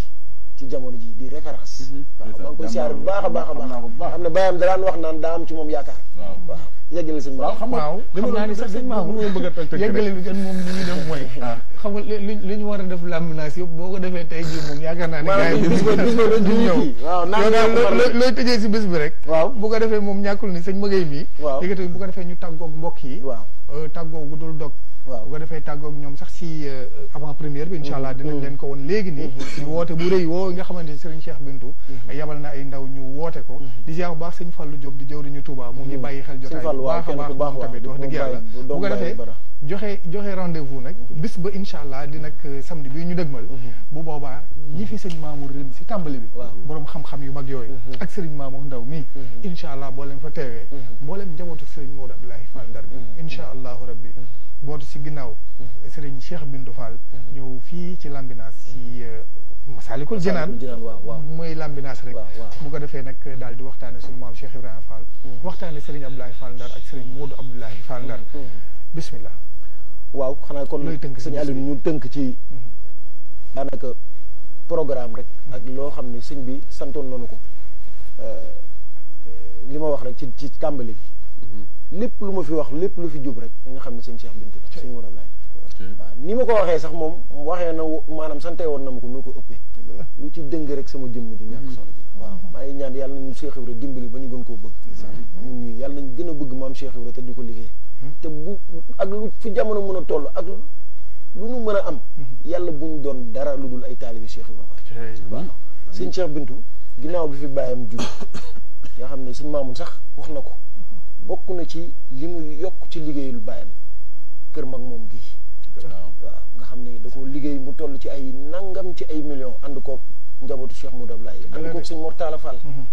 ci jamono ji di référence. Mm-hmm. waaw maa ngi baax a baax a baax. xam naa ko bu xam ne baayam da daan wax naan daa am ci moom yaakaar. waaw. yeggale sëñ Maodo. waaw xam naa ni sax sëñ Maodo yeggale bi kan moom li ñu def mooy. Ah. xam nga li li ñu war a def laminage yëpp boo ko defee tey jii moom yaakaar naa ne. gars yi bis ba si bis bi rek. waaw bu ko defee moom ñàkkul ni sëñ Maguette mii. waaw yëkkati bu ko defee ñu tàggoog mbokk yi. waaw euh, tàggoog gu dul dog waaw bu ko defee ñoom sax si euh, avant première bi incha allah mm-hmm. dinañ leen ko woon léegi nii si mm-hmm. woote bu rëy woo nga xamante Serigne Cheikh Bintou mm-hmm. yabal na ay ndaw ñu woote ko di ziar bu baax Serigne Fallou Diop di jëwriñu Touba mu ngi bàyyi xel jotaay bu baax a baax moom tamit wax dëgg yàlla bu ko joxe joxe rendez-vous nag bis ba incha allah di nag euh, samedi bi ñu dëgmal mhm. bu boobaa ñi fi sëñ Mamour lim si tàmbali bi boroom xam-xam yu mag yooyu mhm. ak sëriñ Mamour Ndaw mii mhm. incha allah boo fa teewee boo njabootu sëriñ Maodo Abdoulaye Fall Ndar bi incha allahu rabbi bootu si ginnaaw sëriñ Cheikh Bindu Fall ñëw fii ci Lambinaas ci euh, Masaalikul Jinaan mooy Lambinaas rek bu ko defee nag daal di waxtaan suñu maam Cheikh Ibrahima Fall waxtaane sëriñ Abdoulaye Fall Ndar ak sëriñ Maodo bismillah waaw xanaa kon sëñ Aliou ñu tënk ci mm-hmm. daanaka programme rek mm-hmm. ak loo xam ne sëñ bi santoon nañu ko euh, li ma wax rek ci ci tàmbali gi mm-hmm. lépp lu ma fi wax lépp lu fi jub rek nga xam ne sëñ Cheikh Binta la sëñ Mourad Laye waaw ni ma ko waxee sax moom waxee na maanaam sante woon na ma ko nu ko ëppee lu ci dëng rek sama jëmm ju ñàkk solo ji waaw maa ngi ñaan yàlla ñu Cheikh Ibra dimbali ba ñu gën koo bëgg ñun ñii yàlla nañu gën a bëgg maam Cheikh Ibra te di ko liggéey te bu ak lu fi jamono mën a toll ak lu nu mën a am. Mhm. yàlla bu ñu doon dara lu dul ay taalibi Cheikh Ibrahima. waaw sëñ Cheikh Bintu ginnaaw bi fi bàyyam jug nga xam ne sëñ Maamun sax wax na ko bokk na ci li mu yokk ci liggéeyul bàyyam kër mag moom gii. waaw nga xam ne da ko liggéey mu toll ci ay nangam ci ay million ànd koog njabootu Cheikh Modou Ablaye. ànd koog sëñ Mortala Fall. Mhm.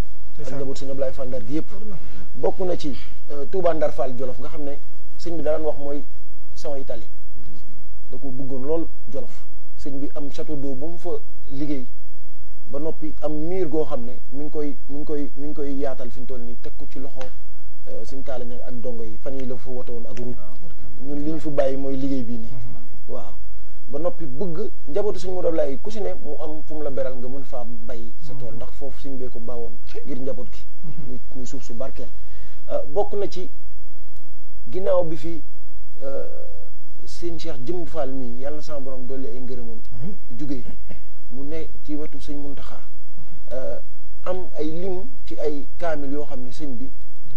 ak njabootu sëñ Ablaye Fall Ndar gi yëpp. bokk na ci euh, Touba Ndar Fall Jolof nga xam ne. sëñ bi daan wax mooy sama tali mm-hmm. da ko bëggoon lool Jolof sëñ bi am château d'eau bu mu fa liggéey ba noppi am miir goo xam ne mi ngi koy mu ngi koy mi ngi koy yaatal fi mu toll nii teg ko ci loxo euh, sëñ Talla Niang ak dongo yi fan yi la fa wote woon ak ruuj ñun li ñu fa bàyyi mooy liggéey bii nii mm-hmm. waaw ba noppi bëgg njabootu suñu Modou Abdoulaye ku si ne mu am fu mu la beral nga mën faa bay sa tool mm-hmm. ndax foofu sëñ bee ko baawoon ngir njaboot gi muy suuf su barkeel euh, bokk na ginnaaw bi fi euh, sëñ Cheikh Jëmb Fall mi yàlla sama borom dolli ay ngërëmam jóge mu ne ci wetu sëñ Muntaxa euh, am ay lim ci ay kaamil yoo xam ne sëñ bi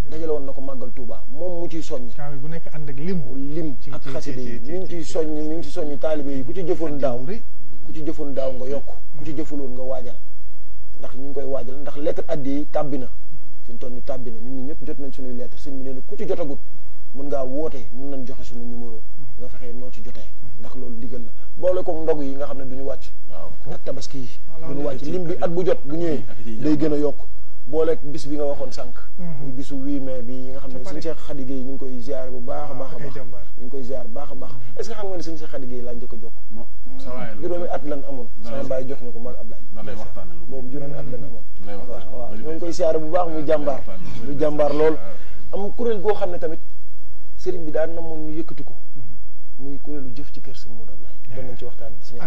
dajaloon na ko màggal Touba moom mu ciy soññ kaamil bu nekk ànd ak lim lim ak xaside yi mi ngi ciy soññ mi ngi ci soññ taalibe yi ku ci jëfoon daaw ku ci jëfoon daaw nga yokk ku ci jëfuloon nga waajal ndax ñu ngi koy waajal ndax lettre addi yi tàbbi na suñ toll ni tàbbi na nit ñi ñëpp jot nañ suñuy lettre sëñ bi nee na ku ci jotagut mën ngaa woote mën nañ joxe suñu numéro nga fexee noo ci jotee ndax loolu digal la boole ko ndog yi nga xam ne du ñu wàcc ak tabaski yi du ñu wàcc lim bi at bu gën a yokk booleeg bis bi nga waxoon sànq mm-hmm. muy bisu 8 mai nga xam ne suñu ñu koy ziar bu baax a a ah, baax ñu ngi koy ziar baax a mm-hmm. a lan amoon sama baay jox na ko Mar Ablaye boobu juróomi at lan amoon waaw waaw ñu ngi koy ziar bu baax muy jàmbaar muy jàmbaar lool am kuréel goo xam ne tamit sëriñ bi daan na moom ñu yëkkati ko mm-hmm. muy kuréelu jëf ci kër sëñ Modou Ablaye doon nañ ci waxtaan sëñ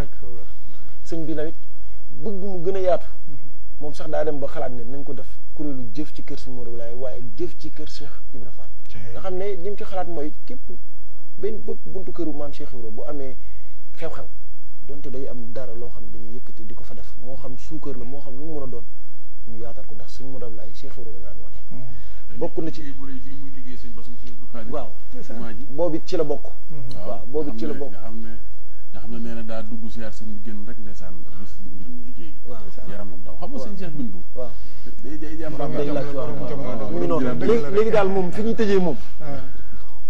sëñ bi nawet bëgg mu gën a yaatu mm-hmm. moom sax daa dem ba xalaat ne nañ ko def kuréelu jëf ci kër sëñ Modou Ablaye waaye jëf ci kër Cheikh Ibra Fall nga xam ne li mu ci xalaat mooy képp benn bëpp buntu këru maam Cheikh Ibra bu amee xew-xew donte day am dara loo xam ne dañuy yëkkati di ko fa def moo xam suukar la moo xam lu mu mën a doon ñu yaatal ko ndax sëñ Modou Ablaye Cheikh Ibra la daan wane mm-hmm. bokk waaw boobu ci la bokk waaw boobu ci la bokk nga xam ne nga xam ne nee na daa dugg siyaar sëñ bi génn rek ndeysaan gis mbir mi liggéey waaw yaramam daw xam nga sëñ Cheikh Bindu waaw day jàmbaar day laaj waaw mu ngi noonu léegi daal moom fi ñuy tëjee moom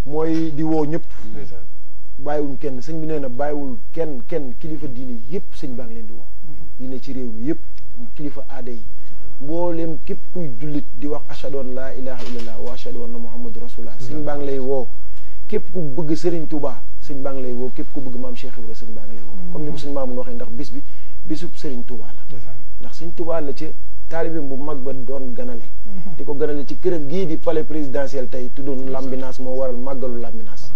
mooy di woo ñëpp bàyyiwuñ kenn sëñ bi nee na bàyyiwul kenn kenn kilifa diine yëpp sëñ baa ngi leen di woo ñu mm-hmm. ne ci réew mi yëpp kilifa aada yi mbooleem képp kuy jullit di wax ashadu laa ilaha illallah wa ashadu anna muhammadu rasulullah sëñ baa ngi lay woo képp ku bëgg sëriñ Touba sëñ baa ngi lay woo képp ku bëgg maam Cheikh Ibra sëñ baa ngi lay woo mm-hmm. comme ni ko sëñ maamun waxee ndax bis bi bisub sëriñ Touba la ndax sëñ Touba la ca taalibeem bu mag ba doon ganale mm-hmm. di ko ganale ci këram gii di palais présidentiel tey tuddoon Lambinaas moo waral màggalu Lambinaas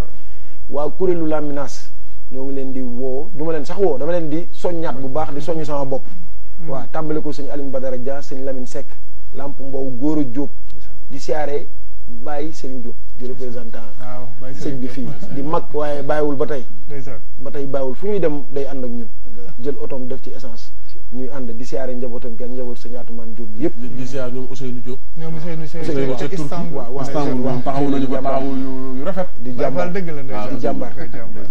waa kuréelu Lambinaas ñoo leen di woo du ma leen sax woo dama leen di soññaat bu baax di sama bopp Mm. wa tambali ko seigne Alioune Badara Dia seigne Lamine sek Lamp Mbow goru djop di siyaare bay seigne djop di représentant seigne bi fi di mak waye bàyyiwul batay tey batay tey fu ñuy dem day and ak ñun jël otoom def ci essence ñuy and di siyaare njabotam gi ak seigne sëñ Atumaan Diop bi di siyaare ñom Ousseynou djop ñom Ousseynou Ousseynou ca Turquie waaw waaw Istanbul waaw taxawu nañu ba taxaw yu rafet di jambar di jàmbar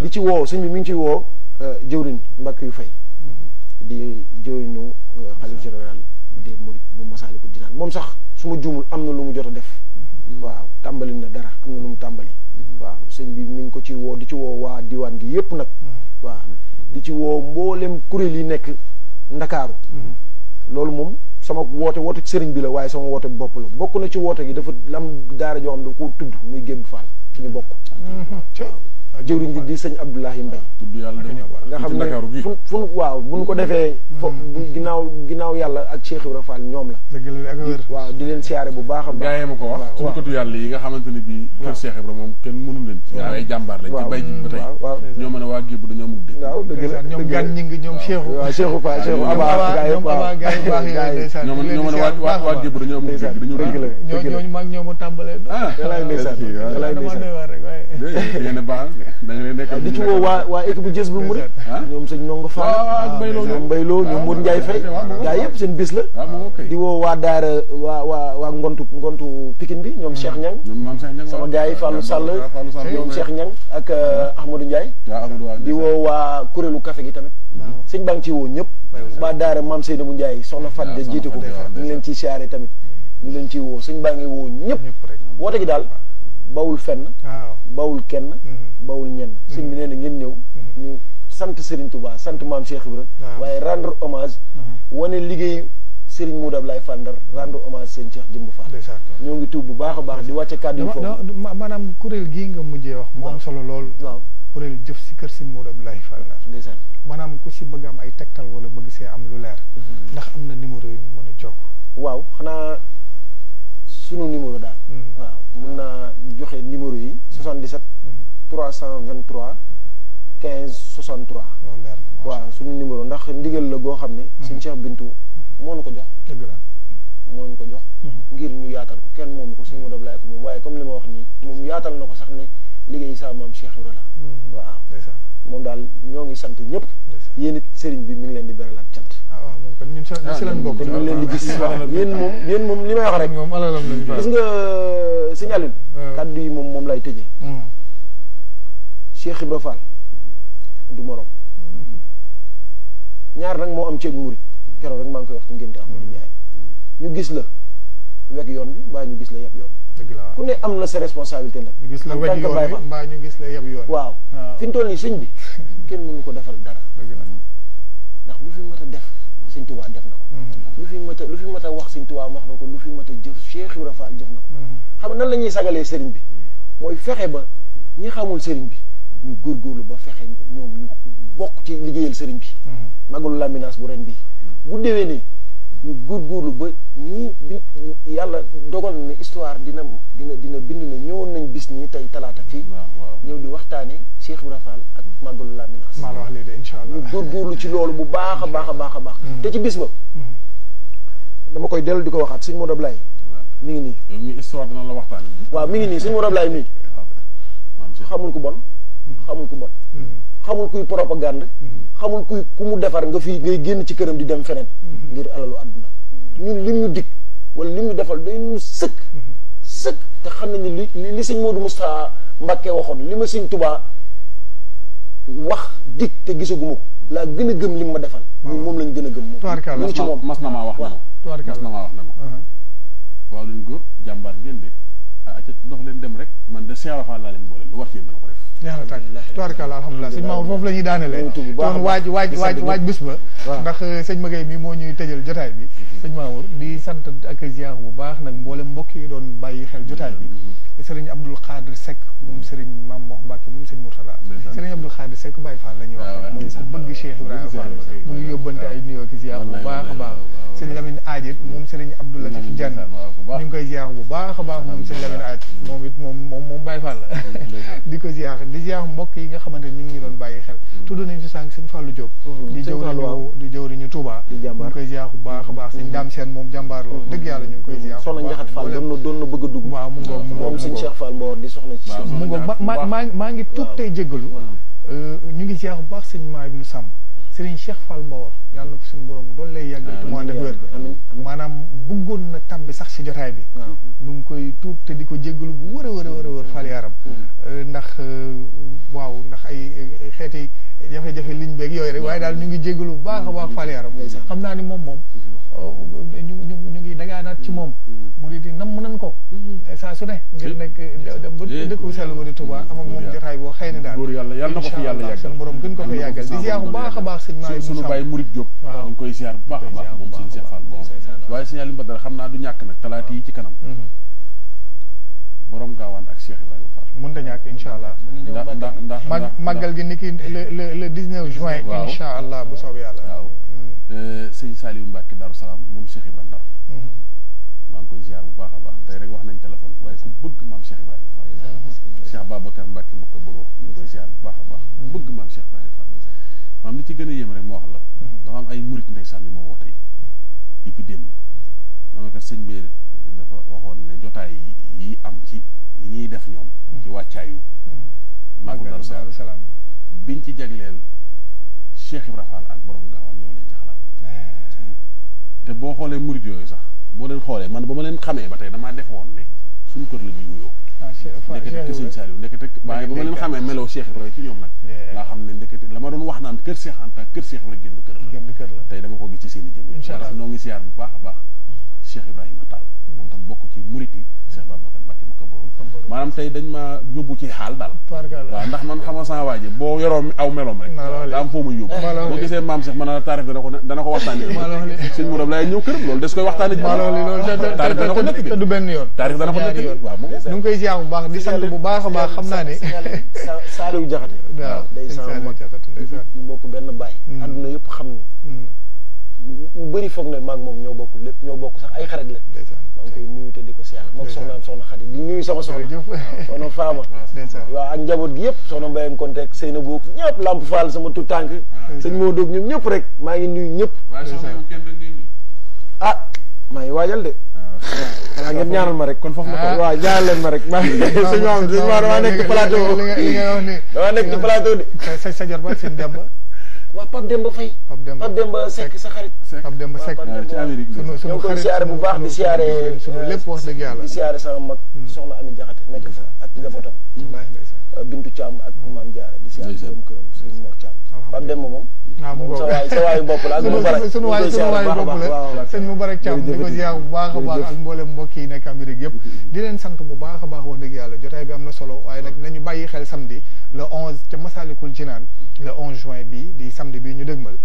di ci wo seigne bi mi ngi ciy woo euh, jëwriñ mbak yu fay di jëwriñu xalif euh, général des Mourides bu Masaalikul dinaan moom sax su ma juumul am na lu mu jot a def mm-hmm. waaw tàmbali na dara am na lu mu tàmbali mm-hmm. waaw sëñ bi mu ngi ko ci woo di ci woo waa diwaan gi yépp nag mm-hmm. waaw di ci woo mbooleem kuréel yi nekk ndakaaru loolu moom sama woote woote sëriñ bi la waaye sama woote bopp la bokk na ci woote gi dafa lam daara joo xam dafa ko tudd muy gébb faal suñu bokk waaw jëwriñ ji di sëñ Abdoulahi Mbaye nga xam ne fu fu waaw bu ñu ko defee mm-hmm. fo ginnaaw ginnaaw yàlla ak Cheikh Ibra ñoom la waaw di leen siyaare bu baax a baax gaayee ma ko wax tunkatu yàlla yi nga xamante ne bii kër Cheikh Ibra moom kenn mënu leen ci ay jàmbaar lañ ci bay ji ba tey ñoo mën a waa gébu dañoo mug dégg waaw dëgg la ñoom gan ñi ngi ñoom Cheikh waaw Cheikh Fall Cheikh Aba gaay ñoom Aba gaay ñoo mën a waa waa gébu dañoo mug dégg dañoo dégg ñooñu mag ñoo ma tàmbalee ah walaay di ci woo waa waa équipe bu jës bu murit ñoom sëñ Ndongo Fall ah, ñoom Mbayloo ah, ñoom Mour Ndiaye Faye gaa yëpp seen bis la ah, di woo waa daara waa waa waa ngontu ngontu Pikine bi ñoom Cheikh Ñang sama gaa yi Fallou Sall ñoom Cheikh Ñang ak euh, Ahmadou Ndiaye di woo waa kuréelu café gi tamit sëñ baa ngi ci woo ñëpp waa daara Maam Seydou Ndiaye soxna Fat de jiite ko ñu ngi leen ci siyaare tamit ñu leen ciy woo sëñ baa ngi woo ñëpp woote gi daal bawul fenn. bawul kenn. Mm-hmm. bawul ñenn. sëñ bi nee na ngeen ñëw. Mm-hmm. ñu sant Serigne Touba sant maam Cheikh Ibra. waaye rendre hommage. Mm-hmm. wane liggéey Serigne Moudou Ablaye Fall Ndar rendre hommage sëñ Cheikh Jëmb Fall. ñoo ngi tuub bu baax a baax di wàcce kàddu yi maanaam kuréel gii nga mujjee wax. mu am solo lool. waaw kuréel jëf si kër sëñ Moudou Ablaye Fall Ndar. maanaam ku si bëgg am ay tegtal wala bëgg see am lu leer. ndax am na numéro yu mu mën a waaw xanaa. sunu numéro daal. Hmm. waaw mun naa joxe numéro yi. 77. 323. 15 63. loolu leer na waaw suñu numéro ndax ndigal la goo xam ne. Hmm. suñu Cheikh Bintu moo ko jox. dëgg la moo nu ko jox. Hmm. ngir ñu yaatal ko kenn moom ko suñu mu dab ko moom waaye comme li ma wax nii moom yaatal na ko sax ne liggéey saa maam Cheikh Ibrahima. waaw moom daal ñoo ngi sant ñëpp. yéen sëriñ bi mi ngi leen di beralal. kon ñun si lañ bokk ñu leen di gis waaw yéen moom yéen moom li may wax rek moom alalam lañ gis nga euh, signalin kàddu yi moom moom lay tëjee hmm. Cheikh Ibra du morom hmm. ñaar nag moo am ceeb murit keroog rek maa ngi koy wax ci ngénte hmm. ñu gis la wekk yoon bi mbaa ñu gis la yeb yoon dëgg la ku ne am na sa responsabilité nag ñu gis la wekk yoon bi mbaa ñu gis la yeb yoon waaw ah. fi ñu toll nii sëñ bi kenn mënu ko defal dara ndax lu fi mat a def sëñ Tuubaa def na ko mm-hmm. lu fi mat a lu fi mat a wax sëñ Tuubaa wax na ko lu fi mat a jëf Cheikh Ibra Fall jëf na ko mm-hmm. xam nan la ñuy sagalee sëriñ bi mooy fexe ba ñi xamul sëriñ bi ñu góorgóorlu ba fexe ñoom ñu bokk ci liggéeyal sëriñ bi mm-hmm. magul laminaas bu ren bi bu déwénee ñu góorgóorlu ba ñii bi yàlla dogal na histoire dina dina dina bind na ñëwoon nañ bis ñi tey talaata fii. ñëw di waxtaanee Cheikh Ibra Fall ak Màggalu Laminas. maa la wax léegi incha allah ñu góorgóorlu ci loolu bu baax a baax a baax a baax. te ci bis ba. Mm-hmm. dama koy dellu di ko waxaat suñ Modou Ablaye. mi ngi nii. yow mii histoire dina la waxtaanee. waaw mi ngi nii sëñ Modou Ablaye mii. xamul ku bon. Mm-hmm. xamul ku bon. Mm-hmm. xamul kuy propagande hmm. xamul kuy kumu defar nga fi ngay genn ci kërëm di dem fenen hmm. ngir alalu aduna hmm. ñun lim dik, wal wala lim ñu defal day ñu sekk sekk te xam nañu li li seigne Modou musta mbacke waxon lima seigne Touba wax dik te gisaguma la gëna gëm lim ma defal ah. ñun mom lañu gëna gëm mas na maa wax na mas na maa wax na ah. ma waaw leen góor jàmbaar ngeen de acca ah, dox leen dem rek man de rafa laa leen boole lu war ci ko neex na tàgg tubaarkalla alhamdulilah sëñ Mamour foofu la ñuy daanelee doon waaj waaj waaj waaj bis ba ndax eh, sëñ Magaye mi moo ñuy tëjal jotaay bi mm-hmm. sëñ Mamour di sant ak ziar bu baax nag mboole mbokk yi doon bàyyi xel jotaay bi mm-hmm. sëriñ Abdul Xaadir Seck moom sëriñ Maam Mox Mbàkke moom sëñ Mourtala sëriñ Abdul Xaadir Seck Baye Fall la ñuy wax ah, moom ku bëgg Cheikh Ibrahima Fall mu ngi yóbbante ay nuyoo ki ziar bu baax a baax sëñ Lamine Aajit moom sëriñ Abdou Latif Dieng ñu ngi koy ziar bu baax a baax moom sëñ Lamine Aajit moom it moom moom moom Baye Fall la di ko ziar di ziar mbokk yi nga xamante ni ñu ngi doon bàyyi xel mm. tudd nañ fi sànq sëñ Fallou Diop mm. di jëwriñu di jëwriñu Touba ñu ngi koy ziar bu baax a baax sëñ mm. Dame Sène moom jàmbaar la dëgg yàlla ñu ngi koy ziar soxna Njaxat Fall doon na doon na bëgg a dugg waaw mu ngoog mu ngoog sëñ Cheikh Fall Mbor di mu ngi tuub euh, bu baax sëñ Maa Ibnu Samb Serigne Cheikh Fall Mbawar yàlla na ko suñu borom doon lay yàggal moo ànd ak bi maanaam bëggoon na tabbi sax si jotaay bi nu ngi koy tuub te di ko jéggalu bu wër a wër a wër a wër Fall yaaram mm. euh, ndax euh, waaw ndax ay xeeti jafe-jafe liñ beeg yooyu rek waaye daal ñu ngi jéggalu bu baax a baax Fall yaaram xam naa ni moom moom mm-hmm. euh, ñaanaat ci moom mm-hmm. murid yi nam nan ko mm-hmm. eh, saa su ne ngir nag dem ba dëkk bu sell ba di Touba am ak moom jotaay boo xëy na daal yàlla na ko fi yàlla yàggal suñu borom ko fi mm-hmm. yàggal di ziar a bàyyi murid Jóob ñu ngi koy ziar bu baax a baax moom sëñ Cheikh Fall boobu waaye sëñ Aliou Badara xam naa du ñàkk nag talaata yi ci kanam borom gaawaan ak Cheikh Ibrahima Fall mënut a ñàkk incha allah. ndax ndax ndax màggal gi ni ki le le le 19 juin. waaw incha allah bu soobee yàlla. waaw mm. euh, sëñ Saliou Mbacke Darou Salaam moom Cheikh Ibrahima Ndar. Mm-hmm. maa ngi koy ziar bu baax a baax tey rek wax nañ téléphone waaye ku bëgg maam Cheikh Ibrahima Fall. Mm-hmm. Cheikh Babacar Mbacke mu ko bu baax a baax. bëgg maam Cheikh Ibrahima Fall. Mm-hmm. maam li ci gën a yéem rek moo wax la. dafa am ay murit ndeysaan yu ma woo tey depuis démb. ma ne ko sëñ bi dafa waxoon ne jotaay yi am ci yi ñuy def ñoom ci wàccaayu màggalu Daaru Salaam biñ ci jagleel Cheikh Ibra Fall ak borom gaawaan yow lañ ci xalaat eh. te boo xoolee murit yooyu sax boo leen xoolee man ba ma leen xamee ba tey damaa def woon ne suñu kër la ñuy wuyoo ah, ndekete sëñ Saliou ndekete waaye ba ma leen ñoom nag eh. laa xam ne ndekete la ma doon wax naan kër Cheikh Anta kër Cheikh Ibra génn kër la tey dama ko gis ci seen i jëm noo ngi siyaar bu baax a baax mm-hmm. Cheikh Ibrahima Tall moom tam bokk ci murit yi Cheikh Babacar maanaam tey dañ ma yóbbu ci xaal daal waaw ndax man xama san waa ji boo yoroo aw melom rek da am foo muy yóbbu boo gisee maam Cheikh mën a taarif dana ko dana ko waxtaane sëñ Mourad laay ñëw këram loolu des koy waxtaane ji taarif dana ko nekk bi taarif dana ko nekk bi waaw mu ngi koy ziar bu baax di a baax xam naa ne Saliou Diakhaté day sama mag ñu bokk benn baay adduna mm. yëpp xam ni mm. ñu bëri foog ne maag moom ñoo bokk lépp ñoo bokk sax ay xarit la maa ngi koy nuyu di ko moom soxnaam soxna Xadi di nuyu sama soxna soxna Faama waaw ak njaboot gi yëpp soxna Mbayang Konte ak Seyna Bouk ñëpp Lamp Fall sama tout tànk sëñ moo doog ñoom ñëpp rek maa ngi nuyu ñëpp ah maa ngi waajal de waaw ah. ngeen ñaanal ma rek kon foofu la ko waaw ñaanal leen ma rek maa ngi suñu am suñu ma damaa nekk ci plateau damaa nekk ci plateau de seen dem waa Pape Demba Faye. Pape Demba dem Demba Seck sa xarit. Pape Demba Seck ci Amérique sunu sunu xarit siyaare bu baax di siyaare. sunu lépp wax dëgg yàlla di siyaare sama mag. Hmm. soxna Ami Jaxate nekk fa ak njabootam. Bintu Thiam ak Maam Jaara di siyaare borom këram Serigne Mor Thiam Pape Demba moom. ah mu ngoog sa waayu bopp la ak mu barak sunu waayu bopp la sëñ mu barak Thiam di ko ziar bu baax a baax ak mboolem mbokk yi nekk Amérique yëpp di leen sant bu baax a baax wax dëgg yàlla jotaay bi am na solo waaye nag nañu bàyyi xel samedi le 11 ca Masalikul Jinaan le 11 juin bi di samedi bi ñu dëgmal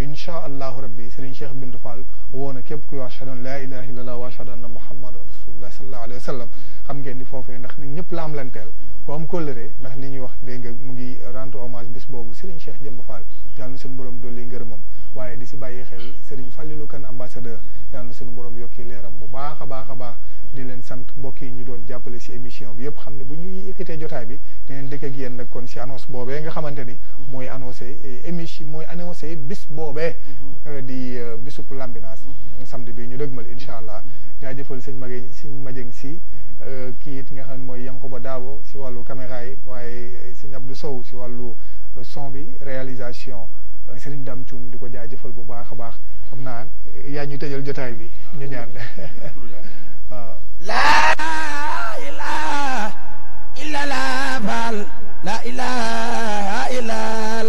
incha allahu rabbi Serigne Cheikh Bintou Fall woo na képp kuy wax ashhadu la laa ilaha illallah wa ashhadu anna muhammadan rasulullah sallallahu alayhi wa sallam xam ngeen ni foofee ndax nit ñëpp la am lanteel ko am kóllëre ndax ni ñuy wax dégg nga mu ngi rendre hommage bis boobu Serigne Cheikh Jëmb Fall yàlla borom do li dolli mom waye di si baye xel Serigne fallilu kan ambassadeur yalla na borom yokki leram bu baakha baakha baax di len sante mbok yi ñu doon jappalé si émission bi yépp xamné bu ñuy yëkkatee jotaay bi len dëkk ak yeen nak kon ci annonce bobé nga xamanteni moy mooy annoncé émission e, moy annoncé bis bobé mhm. di e, bisub Lambinaas mhm. samedi bi ñu dëgmal inshallah ya jëfël serigne magay serigne majëng si e, ki it nga xamné moy mooy Yankuba Daabo si wàllu caméra yi waye serigne Abdou Sow si walu son bi réalisation euh, Serigne Dame Thioum di ko jaajëfal bu baax a baax xam naa yaa ñu tëjal jotaay bi ñu ñaan waaw laa ilaha illa la baal laa ilaha illa